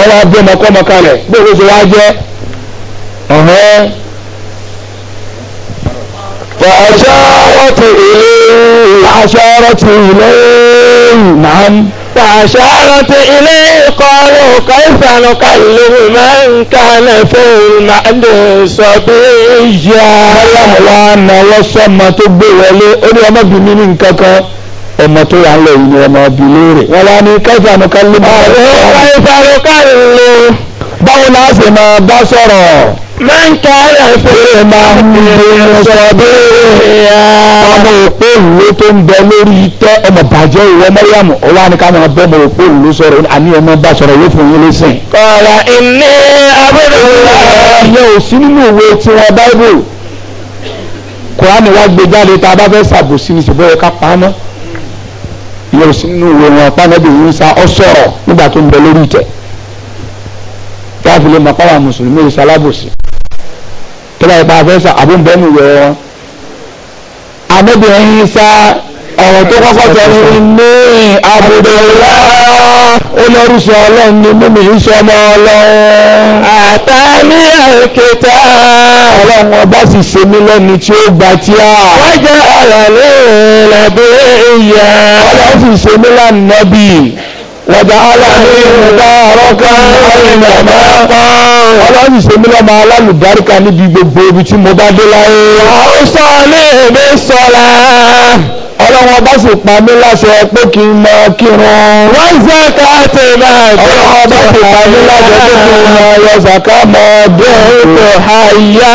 ọ̀rọ̀ abẹ́mọ̀kọ́mọ kalẹ̀ gbogbo ṣe wá jẹ́ ọ̀hẹ́. فأشارت إليه أشارت إليه نعم فأشارت إليه قالوا كيف نكلم من كان في المهد صبيا ọlọ́mọ̀lánà lọ́sọ́mọ tó gbé wọlé ó ní ọmọ bìnrin ní nǹkan kan ọmọ tó wà ń lọ yìí ni ọmọ bìnrin rẹ̀ wọ́n lá ní kẹfà nù kálí. ọ̀rọ̀ kẹfà nù kálí báwo la ṣe máa bá sọ̀rọ̀. máa ń ká rẹ̀ pé máa ń bèrè sọ bẹ́ẹ̀. ọmọ òpó ìwé tó ń bẹ lórí tẹ́ ọmọ bàjẹ́ ìwọ mẹ́ríàm ọlá ni ká máa bẹ́ ọmọ òpó ìlú sọ̀rọ̀ àní ọmọ bá sọ̀rọ̀ yóò fún yín lẹ́sìn. kọ̀ọ̀rọ̀ ìní abúlé. ìyẹn ò sí nínú ìwé tiwọn báíbù kùránì wá gbé jáde tá a bá fẹ́ ṣàbòsí ní ṣùgbọ́n ẹ̀ka paná ìyẹn ò sí nínú káfí lè mọ pàwọn mùsùlùmí oṣù alábòsí tọ́lá ìpa afẹ́sà àbúbẹ́nu yọ wọn. anábìrin sá ọ̀rọ̀ tó kọ́kọ́ sọ ní ní abudulá olórúṣọ ọlọ́run ní mímì iṣẹ́ ọmọ ọlọ́run. àtàlí àìkẹta. ọlọ́run ọba sì ṣe mí lẹ́ni tí ó gba tí a. wọ́n jẹ́ ọ̀rọ̀ lóòrè lẹ́bẹ̀ẹ́ ìyá. ọlọ́run sì ṣe mí lánàá bíi wàjàálàní mùbárakà àìnàmá ọlọ́run ìṣèmi lọ́mọ alálùbáríkà níbi gbogbo ibi tí mo bá dé láyé. àwọn sọ ní èmi ọlọ́run ọba sì pa mí láṣẹ pé kí n mọ kírun. wọ́n ṣe ká ṣe máa jẹ́ ọlọ́run ọba sì pa mí láṣẹ pé kí n mọ yọ̀sàká mọ bẹ́ẹ̀ tó háyà.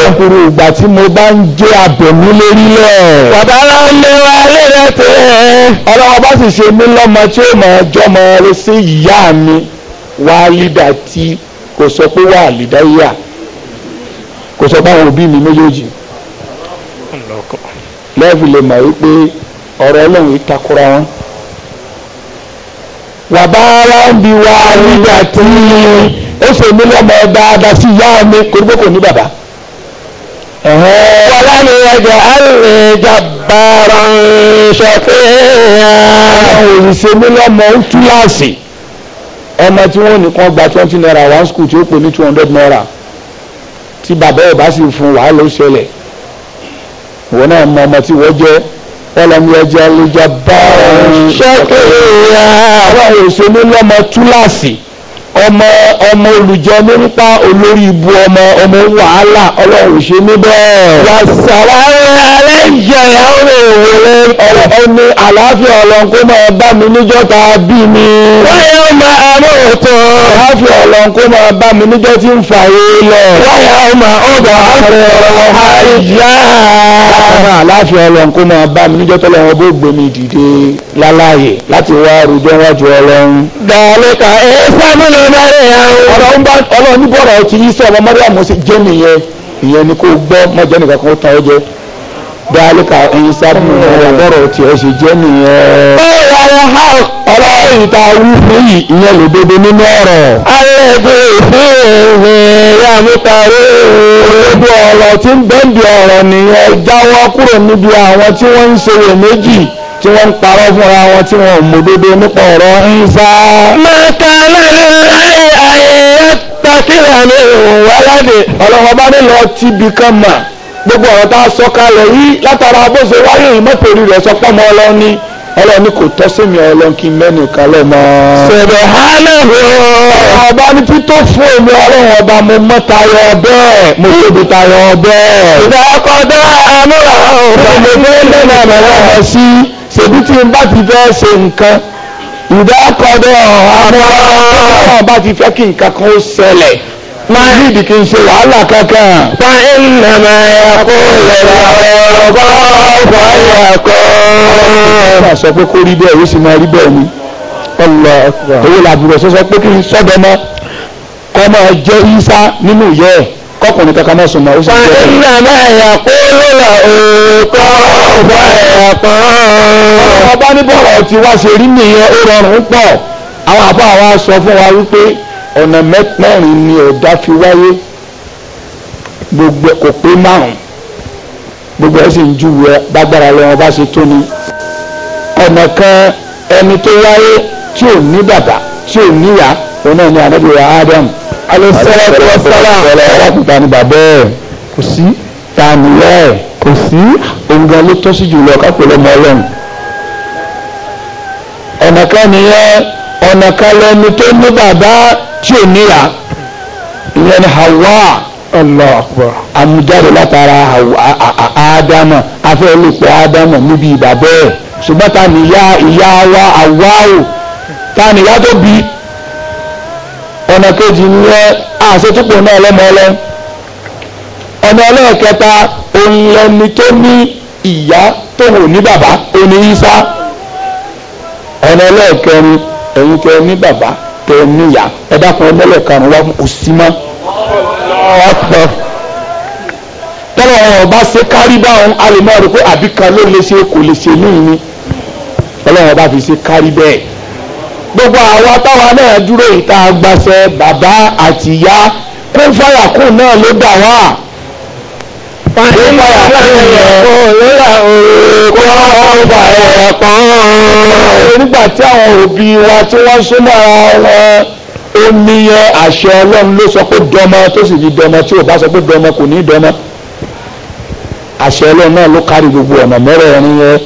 lókùrú ìgbà tí mo bá ń jẹ́ abẹ̀mí lérílẹ̀. bàbá náà ń lé wa lérè tẹ́. ọlọ́run ọba sì ṣe mí lọ́mọ tí ó máa jọmọ rẹ sí ìyá mi wàlídà tí kò sọ pé wàlídà yà kò sọ báwọn òbí mi méjèèjì lẹ́ẹ̀fì lè mọ̀ wípé ọ̀rọ̀ ọlọ́run takora wọn. wàbára ń bi wá nígbà tí ó ṣe mí lọ́mọ dáadáa sí ìyá mi koríko kò ní bàbá. wàlá ni ẹ̀jẹ̀ àlejò bàrà ṣọ̀fẹ́. àwọn òṣìṣẹ́ mi lọ́mọ ń túláàsì ọmọ tí wọ́n nìkan gba twenty naira one school tí ó pè ní two hundred naira tí bàbá ẹ̀ bá sì fún wàhálà ó ṣẹlẹ̀ wọn náà mọ ọmọ tí wọ́n jẹ́ ọlọmọdéjà lójà báwọn ṣẹkẹyà àwọn òṣèlú lọmọ túláàsì ọmọ ọmọ olùjọ nípa olórí ibu ọmọ ọmọ wàhálà Ọlọ́run ṣe níbẹ̀. wàsàrà alẹ́ ìjẹyà ó lè wọlé. ọ̀rọ̀ ẹni àlàáfíà Ọlọ́run máa bá mi níjọ́ tá a bí mi. wáyà ọmọ àmọ́ òtọ́. àlàáfíà Ọlọ́run máa bá mi níjọ́ tí ń fà lọ. wáyà ọmọ ọgbà àpẹẹrẹ ọ̀hà ìjà ọmọ aláàfin ọlọ́run kó máa bá mi níjọ́ tọ́lọ́ wọn bó gbèmí dìde láláyè láti wá rújọ́ wájú ọlọ́run. dàlẹ́kà ẹ sábẹ́lẹ̀ mẹ́rẹ̀ àwọn. ọlọ́run ní bọ́ọ̀rọ̀ ti yí sí ọmọ mọ́ríà mọ́sí jẹ́ nìyẹn ìyẹn ni kò gbọ́ mọ́jẹ́ nìkan kan ó ta ó jẹ. dàlẹ́kà ẹ sábẹ́lẹ̀ mẹ́rẹ̀ bọ́ọ̀rọ̀ ti ẹ ṣe jẹ́ nìyẹn. bẹ́ẹ̀ ọlọ́run ìta wú níyì ìyẹn lòdodo nínú ọ̀rọ̀. alẹ́bí ìfìhìnrì yàmútarí olódò ọ̀rọ̀ tí ń bẹ́ǹdì ọ̀rọ̀ nìyẹn jáwọ́ kúrò níbi àwọn tí wọ́n ń ṣe iyèméjì tí wọ́n ń parọ́ fúnra wọn tí wọ́n mú dodo nípa ọ̀rọ̀ ń sá. mẹ́ta lẹ́yìn láì àyè tàkìlà ní ọlọ́wọ́ bá nílọ tibì kan mà gbogbo ọ̀rọ̀ tá a sọ kalẹ̀ yìí látara bó ṣe wáyé ìmọ̀tòrí rẹ̀ sọ pọ́nmọ́ ọlọ́ni ọlọ́run ní kò tọ́ mi ọlọ́run kí mẹ́nu kalẹ̀ mọ́. sẹ̀rẹ̀ hálẹ̀ rẹ̀. ọba ní títọ́ fún èmi ọlọ́run ọba mo mọ́ tayọ bẹ́ẹ̀ mo tóbi tayọ bẹ́ẹ̀. ìdákọ̀dá amúra ọ̀rọ̀ mi bẹ́ẹ̀ lẹ́nu àmàlà rẹ̀ sí ṣèbí tí n bá ti fẹ́ ṣe nǹkan. ìdákọ̀dá amúra ọ̀rọ̀ bá ti fẹ́ kí nǹkan máa ní ìdí kí n ṣe wàhálà kankan. fa iná máa yà kó lọ́wọ́ ọ̀gá ọ̀gá yà kọ́. ọlọ́run sọ pé kó rí bẹ́ẹ̀ ó sì máa rí bẹ́ẹ̀ ni. ọlọ owó làbúrò sọ sọ pé kí n sọ́dọ̀ mọ́ kọ́ máa jẹ́ ìsá nínú ìyẹ́ ẹ̀ kọkùnrin kankan náà sùn mọ́ ó sì jẹ́ ẹ̀. fa iná máa yà kó lọ́wọ́ ọ̀gá ọ̀gá yà kọ́. ọba ní bọ́ọ̀rọ̀ ti wá ṣe rí nìyẹn ó rọrùn pọ̀ àwọn àbá wa sọ fún wa wípé ọ̀nà mẹ́rin ni ọ̀dá fi wáyé gbogbo kò pé márùn gbogbo ẹ̀ sì ń júwe bágbára lọ́wọ́ bá ṣe tó ni ọ̀nà kan ẹni tó wáyé tí ò ní bàbá tí ò níyà òun náà ni ànábì wa Adam alẹ́sẹ̀rẹ́ tó sára alákùnkà ni bàbá ẹ̀ kò sí tàníyà ẹ̀ kò sí òǹgàn ló tọ́ sí jùlọ kápẹ́ lọ́mọ ọ̀nà kan nìyẹn ọ̀nà kan lẹni tó ní bàbá tí ò níyà ìyẹn ni Hawa àmújáde látara Ádámù afẹ́lẹ́pẹ́ Ádámù níbi ìbàbá ẹ̀ ṣùgbọ́n ta ni ìyá ìyá wa àwáwò ta ni ìyá tó bí ọ̀nà kejì ni ẹ àṣetúpọ̀ náà lọ́mọ ọlọ́run ọmọ ẹlẹ́ẹ̀kẹta òun lẹni tó ní ìyá tó hò ní bàbá òní Ìsá ọ̀nà ẹlẹ́ẹ̀kẹrin ẹ̀yin tẹ ní bàbá tẹ níyà ẹ dákun ẹgbẹ́lẹ̀ karùn-ún wa kò sí mọ́. tọ́lọ̀ ọ̀rọ̀ bá ṣe kárí báwọn a lè máa rò pé àbí kan ló lè ṣe kò lè ṣe níyìn ni ọlọ́run bá fi ṣe kárí bẹ́ẹ̀. gbogbo àwa táwa náà dúró ìta gbaṣẹ bàbá àtìyá kún fáyà kún náà ló dà wá. Nípa ìlànà ẹ̀kọ́ lórí àwọn olùkọ́ ọgbà ẹ̀kan. Nígbà tí àwọn òbí wa tí wọ́n súnmọ́ ara wọn, ó ní àṣẹ Ọlọ́run ló sọ pé dọmọ tó sì di dọmọ tí ò bá sọ pé dọmọ kò ní dọmọ àṣẹ ọlọ́run náà ló kárí gbogbo ọ̀nà mẹ́rẹ̀ẹ̀rin yẹn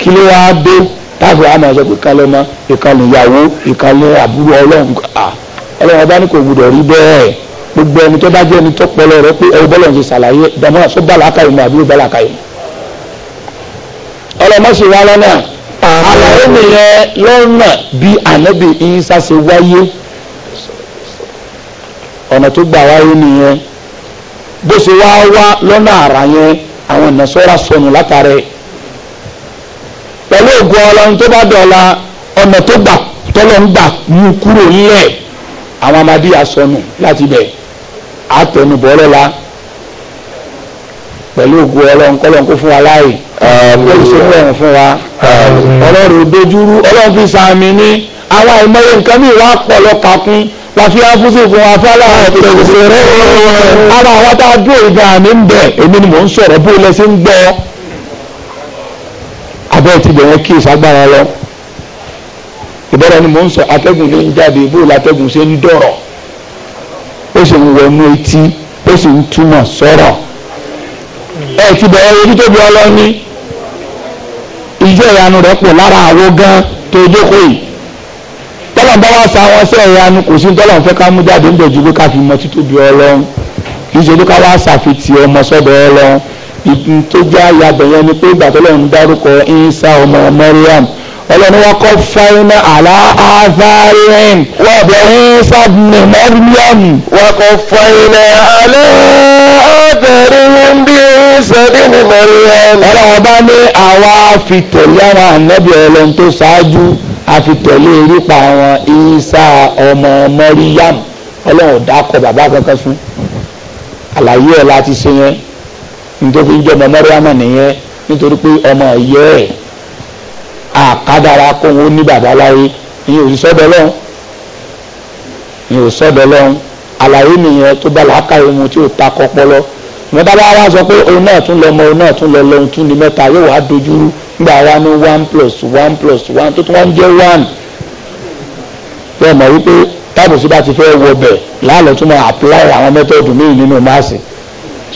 kí ló wáá dé táàbù àmọ́ ẹ̀sọ́ pé kálẹ̀ mọ́ ìkànnì ìyàwó ìkànnì àbúrò ọlọ́run ọlọ́run ọba ní kò gbọdọ̀ rí bẹ́ẹ̀ gbogbo ẹni tó bá jẹ́ ẹni tó pọlọ rẹ pé ẹwọ bọ́lọ̀ ń ṣe ṣàlàyé ìdàmúra sọ bá làákàyè mu àbúrò bá làákàyè mu. ọlọmọṣẹ wa lọ́nà àlàyé nìyẹn lọ́nà bí ànábì Ìsá ṣe wáyé ọ̀nà tó gbà wáyé nìyẹn bó ṣe wá wá lọ́nà àrà yẹn àwọn ìnàṣọ́ra sọnù látàrẹ pẹ̀lú ògùn ọlọ́run tó bá dọ̀la ọ̀nà tó gbà tọ́lọ́ ń gbà mú kúrò nílẹ̀ àwọn amadíyà sọnù láti bẹ̀ẹ́ àtẹnubọ̀ lọ́la pẹ̀lú ògo ọlọ́run kọ́lọ́n kó fún wa láàyè lórí sóhun ẹ̀rùn fún wa ọlọ́run dojúrú ọlọ́run fi sàmì ní àwọn àìmọye nǹkan mìíràn wá pọ̀ lọ́kàkún wàfi afúnṣe fún wa fẹ́lá àtẹ̀sẹ̀rẹ́ ara àwọn tá a dúró ìgbà mi ń bẹ̀ èmi ni mò ń sọ̀rọ̀ bó lẹ sí ń gbọ́ abẹ́ ti bẹ̀rẹ̀ kí ìsagbára lọ ìbẹ̀rẹ̀ ni mò ń sọ atẹ́gùn ló ń jáde bó latẹ́gùn ṣe ń dọ̀rọ̀ ó sì ń wọnú etí ó sì ń túmọ̀ sọ̀rọ̀ ẹ ti bẹ̀rẹ̀ ojú tóbi ọlọ́ni iṣẹ́ ìyanu rẹ̀ pọ̀ lára àwo gan tó jókòó yìí tọ́lọ̀ bá wá sa wọn sí ìyanu kò sí tọ́lọ̀ fẹ́ ká mú jáde ń bẹ̀ ju pé ká fi mọ títóbi ọlọ́run kì í ká wá ṣàfitì ọmọ sọ́dọ̀ ọlọ́run ìdí tó já yàgbẹ̀yẹn ni pé ìgbà tọ́lọ̀ ń dárúkọ ìyínsá ọmọ Maryam ọlọ́ni wọn kọ́ fáínà àlá àfáàrin wọ́n bẹ̀ ń sábùnì mọ́rílíọ̀mù. wọn kọ́ fáínà àlá àfáàrin bí ń sábùnì mọ́rílíọ̀mù. ọlọ́wọ́n bá ní àwa fi tẹ̀lé àwọn ànábì ọlọ́run tó ṣáájú a fi àwọn ìsá ọmọ mọ́ríyàm ọlọ́run dákọ̀ bàbá kankan fún àlàyé ẹ̀ láti ṣe yẹn nítorí pé ọmọ mọ́ríyàm ẹ̀ àkádàrà kó wọn ní bàbá láyé ní òṣìṣẹ́ lọ́hùn ní òṣìṣẹ́ lọ́hùn àlàyé nìyẹn tó bá làákàyè mu tí ò ta kọpọlọ wọn bá wá sọ pé òun náà tún lọ mọ òun náà tún lọ lọ tún ní mẹ́ta yóò wá dojúrú nígbà wa ní one plus one plus one tó tún wá ń jẹ́ one bẹ́ẹ̀ mọ̀ wípé táàbù sí bá ti fẹ́ wọ bẹ̀ láàlọ́ tún máa apply àwọn mẹ́tọ́ọ̀dù míì nínú máàsì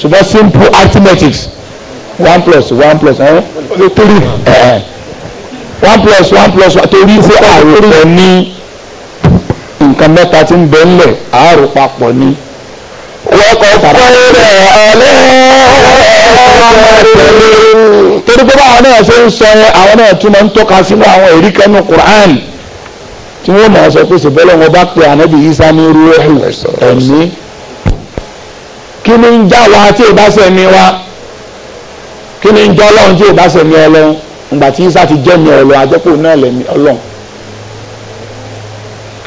ṣùgbọ́n simple arithmetic one plus one plus three one plus one plus one torí pé àròpọ̀ ní nǹkan mẹ́ta tí ń bẹ ńlẹ̀ àròpapọ̀ ní. wọ́kọ̀ fẹ́rẹ̀ ọ̀lẹ́ torí pé báwọn náà ṣe ń sọ àwọn náà tún máa ń tọ́ka sínú àwọn èrí kẹ́nu Qur'an tí wọ́n máa sọ pé ṣèbọ́lọ́ wọn bá pe ànábì Isa ní rúwẹ́hù ẹ̀mí kí ni ń já wa tí ìbáṣẹ̀ mi wa kí ni ń jọ́ ọlọ́run tí ìbáṣẹ̀ mi ọlọ́run ìgbà tí isa fi jẹ́mi ọ̀lọ́ àjọpọ̀ náà lẹ́mi ọlọ́run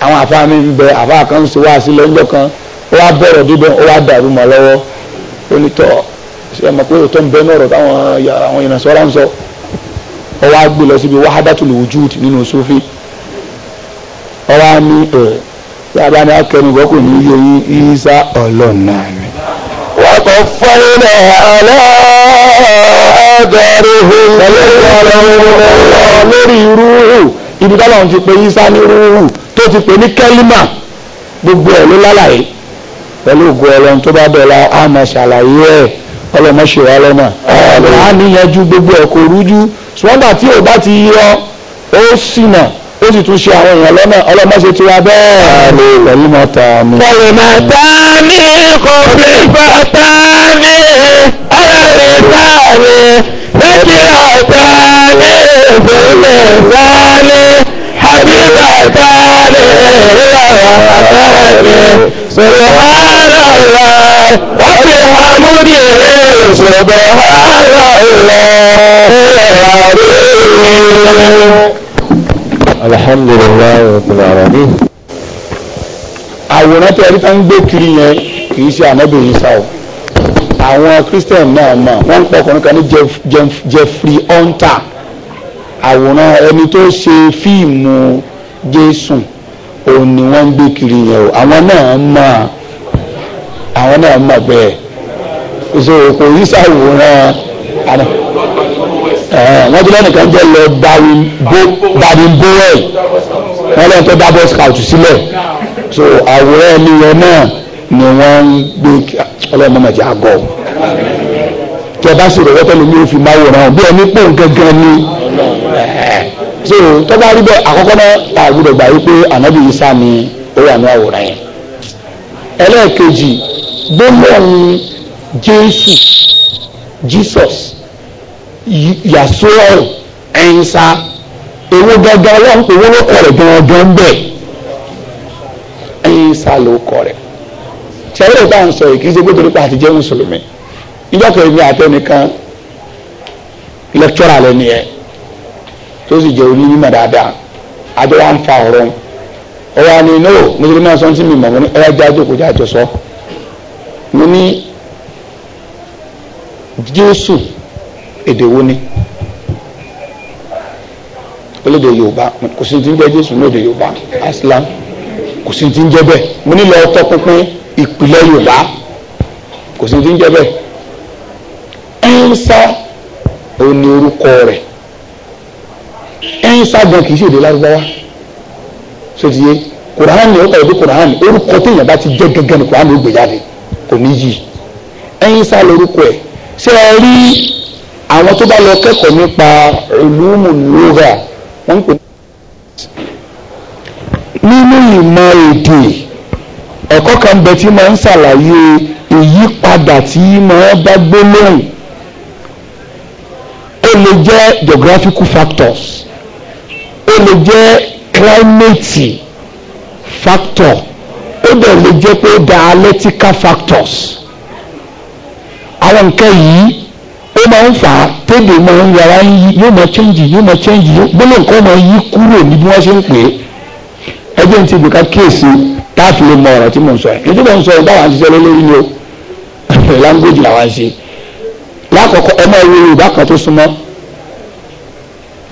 àwọn àfáà mi ń bẹ àfáà kan ń ṣe wá sílẹ̀ ńjọ́ kan ó wá bẹ̀rẹ̀ dídán ó wá dàrú mọ́ lọ́wọ́ ó ní tọ́ ṣe é mọ̀ pé òótọ́ ń bẹ náà ọ̀rọ̀ táwọn àwọn ìrìnàṣọ́ra ń sọ ó wá gbé lọ síbi wahadatul wujud nínú sufi ó wá ní ẹ̀ yàrá ni akẹ́nu gbọ́ kò ní yé isa ọlọ́ọ̀nà mi. wọ́n kò fọ́ ilẹ̀ ọlọ́ọ̀ dọ̀rùhùn lórí rúhù ibi tọ́lọ̀ ń ti pè Ìsá ní rúhù tó ti pè ní kẹ́límà gbogbo ẹ̀ ló lálàyé pẹ̀lú ògo ọlọ́run tó bá dọ̀la á máa ṣàlàyé ẹ̀ ọlọ́mọ ti yọ ó ṣìnà ó sì tún ṣe àwọn èèyàn lọ́nà ọlọ́mọ ṣe tiwa bẹ́ẹ̀ pẹ̀lú mọ́ta mi. pẹ̀lú mọ́ta mi kò fi bàtà على اللسان ذكرتان في اللسان حبيبتان إلى الوطن سبحان الله وبحمده سبحان الله الحمد لله رب العالمين àwòrán tí ẹ̀rí tá ń gbé kiri yẹn kì í ṣe ànábìyìn sáwọ́ àwọn christian náà mọ̀ wọ́n ń pọ̀ ọkùnrin ní Jeffrey Hunter àwòrán ẹni tó ṣe fíìmù Jésù òun ni wọ́n ń gbé kiri yẹn o àwọn náà mọ̀ àwọn náà mọ̀ bẹ́ẹ̀ so kò yí sàwòrán àná wọ́n ti lẹ́nìkan jẹ́ lọ Baden Bowell wọ́n lẹ́nu tó dá scout sílẹ̀ so àwòrán ẹni yẹn náà ni wọ́n ń gbé ọlọ́run mọ́mọ́ jẹ́ àgọ́ tẹ bá sì rọwọ́ tẹ́lẹ̀ mi ò máa wòran bí ẹni pò ń gangan ni so tó bá rí bẹ́ẹ̀ àkọ́kọ́ náà ta àgùdọ̀ gbà wípé ànábì Ìsá ni ó wà ní àwòrán yẹn ẹlẹ́ẹ̀kejì gbólóhùn Jésù Jesus yasuo ẹ̀ńsá èwo gangan ọlọ́run èwo ló kọ̀ rẹ̀ gangan bẹ́ẹ̀ ẹ̀ńsá ló kọ̀ rẹ̀ sẹ́wọ́n ìta ń sọ yìí kì í ṣe pé torí pé àti jẹ́ mùsùlùmí níjọ́kọ̀ èmi àtẹnìkan lẹ́kítọ́rà lẹ́ni ẹ̀ tó sì jẹ́ onímọ̀ dáadáa àjọ wa ń fa ọ̀rọ̀ ọ̀rọ̀ àni no mùsùlùmí náà sọ ń tì mí mọ̀ mọ́ ní ẹ̀yà jáde kò jáde sọ mo ní Jésù èdè wo ni olóde Yorùbá kò sí ti ń jẹ́ Jésù ní òde Yorùbá Islam kò sí ti ń jẹ́ bẹ́ẹ̀ mo ní lọ́ọ́ tọpinpin ìpìlẹ̀ yorùbá kò sí ti ń jẹ́ bẹ́ẹ̀ ẹ̀ńsá òun ni orúkọ rẹ̀ ẹ̀ńsá gan kì í ṣèdè lárúbáwá sotiye kùránì ó kọ̀ ọ́ bí kùránì orúkọ téèyàn bá ti jẹ́ gẹ́gẹ́ ni kùránì ó gbé jáde kò ní yìí ẹ̀ńsá lórúkọ ẹ̀ ṣé ẹ rí àwọn tó bá lọ kẹ́kọ̀ọ́ nípa ìlúmù lóra wọ́n ń pè ní nínú ìmọ̀ èdè ẹ̀kọ́ kan bẹ tí máa ń ṣàlàyé ìyípadà tí máa bá gbólóhùn ó lè jẹ́ geographical factors ó lè jẹ́ climate factor ó dẹ̀ lè jẹ́ pé dialectical factors àwọn nǹkan yìí ó máa ń fà á tébè máa ń yàrá yóò máa change yóò máa change gbólóhùn kan máa yí kúrò ní wọ́n ṣe ń pè é ẹjẹ́ ti ibì kan kíyèsí táàfin lè mọ ọ̀rọ̀ tí mò ń sọ yẹn nítorí mò ń sọ yẹn báwa ń ṣiṣẹ́ lórí ni o language làwa ń ṣe lákọ̀ọ́kọ́ ẹ máa wo yorùbá kan tó súnmọ́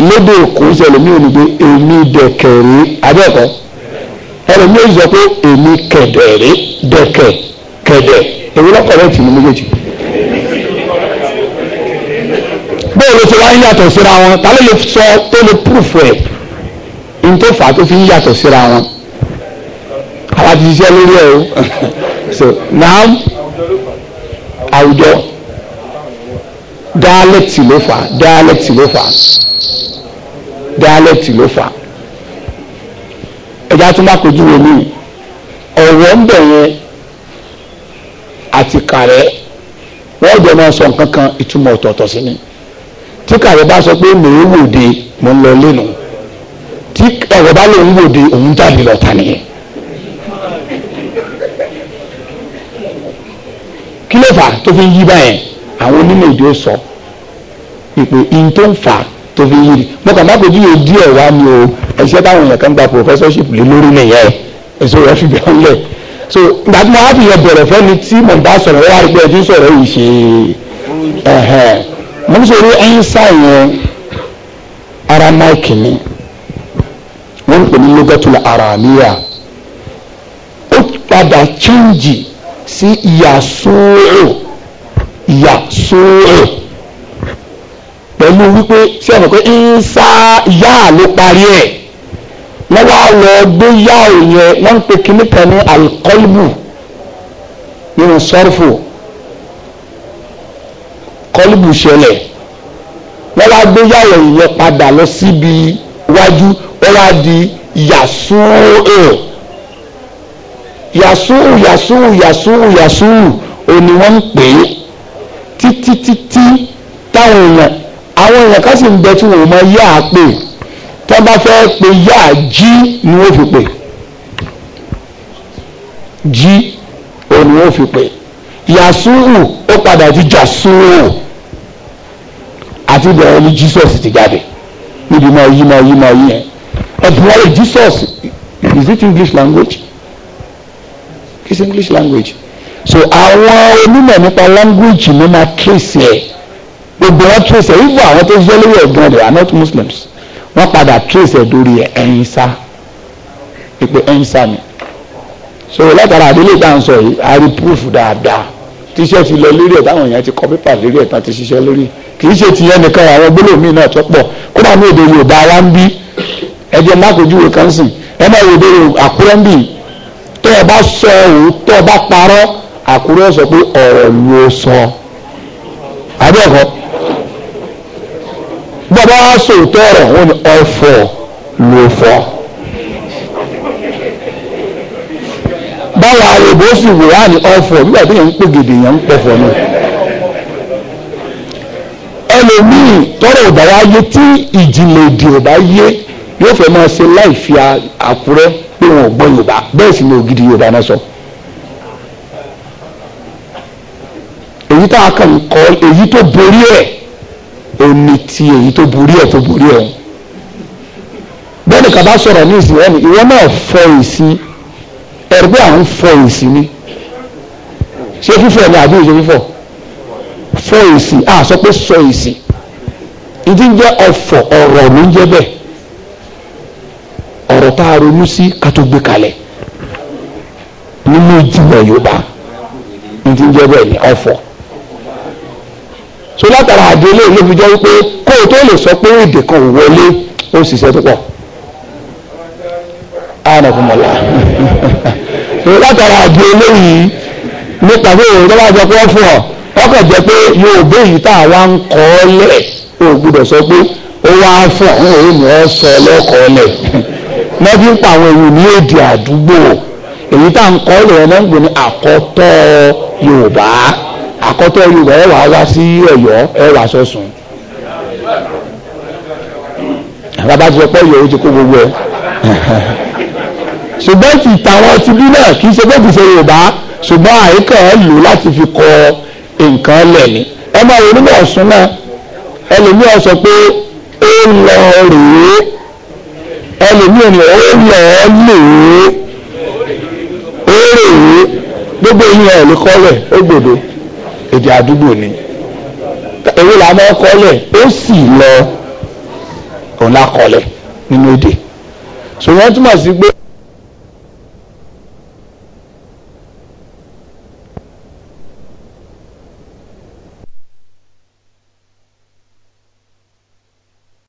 lédè kò ń ṣẹlẹ̀ mí ò ní pé èmi dẹ̀kẹ̀rẹ́ abẹ́ẹ̀kọ́ ẹlòmíì ò sọ pé èmi kẹ̀dẹ̀rẹ́ dẹ̀kẹ̀ kẹ̀dẹ̀ èmi lọ́kọ̀ rẹ̀ tì ní méjèèjì. bẹ́ẹ̀ ló ṣe wá ń yàtọ̀ síra wọn ta ló lè sọ tó lè proof ẹ̀ n tó fà á tó fi ń yàtọ̀ síra wọn àwa lórí ẹ̀ o so now àwùjọ dialect ló fà á dialect ló fà á dialect ló fà á ẹja tó bá kojú wo mí ọ̀wọ́ ń bẹ̀ yẹn àti kàrẹ́ wọ́n jọ máa sọ nǹkan kan ìtumọ̀ ọ̀tọ̀ọ̀tọ̀ sí ni tí kàrẹ́ bá sọ pé mò ń ń lọ lẹ́nu tí ọ̀rọ̀ bá lòun wòde òun jáde lọ́ta nìyẹn. kí ló fà á tó fi ń yí báyẹn àwọn onímọ̀ èdè ó sọ ìpè in tó ń fà á tó fi ń yí mo má kojú yóò díẹ̀ wá ni o ẹ̀ṣẹ́ táwọn èèyàn kan gba professorship lé lórí nìyẹn èso rẹ̀ fi bẹ̀rù lẹ̀ so ìgbà tí mo wá fi yẹn bẹ̀rẹ̀ fẹ́ni tí mo bá sọ̀rọ̀ wá rí pé ẹ ti sọ̀rọ̀ yìí ṣe ẹ̀hẹ̀n mo ní sọ ẹ̀yìn sáà ara máìkì ni ń pè ní lughatul arabiya ó padà chíǹjì sí ìyàsóòrò ìyàsóòrò pẹ̀lú wípé sí ẹ̀fọ̀ pé ìsá ìyá ló parí ẹ̀ wọ́n wá lọ gbé yá òyìn wọ́n ń pe kíní kan ní alikọ́lùbù nínú sọ́rfù kọ́lùbù ṣẹlẹ̀ wọ́n wá gbé yá òyìn padà lọ síbi. Si wájú ó wá di yasu'u yasu'u yasu'u yasu'u yasu'u òní wọ́n ń pè é títí títí táwọn èèyàn àwọn èèyàn kan sì ń bẹ tí wọn ò mọ yá a pè tó bá fẹ́ pe yá a jí ni wọ́n fi pè jí òní wọ́n fi pè yasu'u ó padà di jasu'u àti ìbẹ̀rẹ̀ ni Jesus ti jáde níbi máa yí máa yí máa yí yẹn ẹ̀bùrọ̀lẹ̀ Jesus is it English language is English language so àwọn onímọ̀ nípa language ni máa trace ẹ̀ gbogbo wọn trace ẹ̀ even àwọn tó ṣiṣẹ́ lórí ẹ̀gbọ́n they are not Muslims wọ́n padà trace ẹ̀ dórí ẹ̀yìn sá ìpè ẹ̀yìn sá ni so látara àdélé tá à ń sọ yìí a rí dáadáa tíṣẹ́ fi lọ lórí ẹ̀ táwọn èèyàn ti kọ́ pépà lórí ẹ̀ tá ti ṣiṣẹ́ lórí kì í ṣe tìyẹn nìkan àwọn gbólóhùn náà tó pọ̀ kódà ní èdè Yorùbá wa ń bí ẹjẹ mákòjúwe kan sìn ẹ má wo èdè Àkúrẹ́ ń bì tẹ́ ẹ bá sọ òótọ́ bá parọ́ Àkúrẹ́ sọ pé ọ̀rọ̀ ló sọ abẹ́ẹ̀kọ́ bọ́dọ̀ wá sọ òótọ́ ọ̀rọ̀ wọn ni ọ̀fọ̀ ló fọ́. báwa rẹ̀ bó sì wò wá ní ọ̀fọ̀ nígbà tí èèyàn ń pè gèdè èèyàn ń pọ̀fọ̀ ni. ẹlòmíì tọrọ ọ̀dà wa yé tí ìjìnlẹ̀ èdè ọ̀dà yé yóò fẹ́ máa ṣe láì fi àkúrẹ́ pé wọn ò gbọ́ yorùbá bẹ́ẹ̀ sì ni ògidì yorùbá náà sọ. èyí tá a kàn kọ èyí tó borí ẹ̀ òní ti èyí tó borí ẹ̀ tó borí ẹ̀ bẹ́ẹ̀ ni kàbá sọ̀rọ̀ ní ìsìn wọn ni ìwọ náà fọ ìsìn ẹ̀rù pé à ń fọ èsì ni ṣé fífọ̀ ni àbí ìṣe fífọ̀ fọ èsì à sọ pé sọ èsì ìdí ń jẹ́ ọ̀fọ̀ ọ̀rọ̀ ló ń jẹ́ bẹ́ẹ̀ ọ̀rọ̀ tá a ronú sí ká tó gbé kalẹ̀ nínú ìjìnlẹ̀ Yorùbá ìdí ń jẹ́ bẹ́ẹ̀ ni ọ̀fọ̀ so látara àdé ilé ìlú fi jẹ́ wípé kó o tó lè sọ pé èdè kan wọlé ó sì ṣe tó pọ̀ ànàkùnmọ̀lá látara àjò eléyìí nípa pé òun lọ́wọ́ àjọ pé fún ọ ọkọ̀ jẹ́ pé yóò bó èyí tá àwa ń kọ́ ọ lẹ̀ o gbúdọ̀ sọ pé ó wá fún àwọn èyí ni ọ sọ lọ́kọ̀ọ́ lẹ̀ wọ́n fi ń pa àwọn èyí ní èdè àdúgbò èyí tá à ń kọ́ lẹ̀ wọ́n ń gbé ní àkọ́tọ́ Yorùbá àkọ́tọ́ Yorùbá ẹ wàá wá sí Ọ̀yọ́ ẹ wàá sọ̀sùn bàbá ti sọ pé Ọ̀yọ́ ti kó gbogbo ẹ. ṣùgbọ́n ti tàwọn ti bí náà kì í ṣe pé kì í ṣe Yorùbá ṣùgbọ́n àyíkà ẹ̀ lò láti fi kọ nǹkan lẹ̀ ni ẹ máa ronú bọ̀ ọ̀sùn náà ẹlòmíràn sọ pé ó lọ rèé ẹlòmíràn ni ó lọ lèé ó rèé gbogbo ìyẹn ẹ̀ ló kọ́lẹ̀ ó gbòdo èdè àdúgbò ni èwe là máa kọ́lẹ̀ ó sì lọ òun lá kọ́lẹ̀ nínú èdè ṣùgbọ́n túmọ̀ sí pé.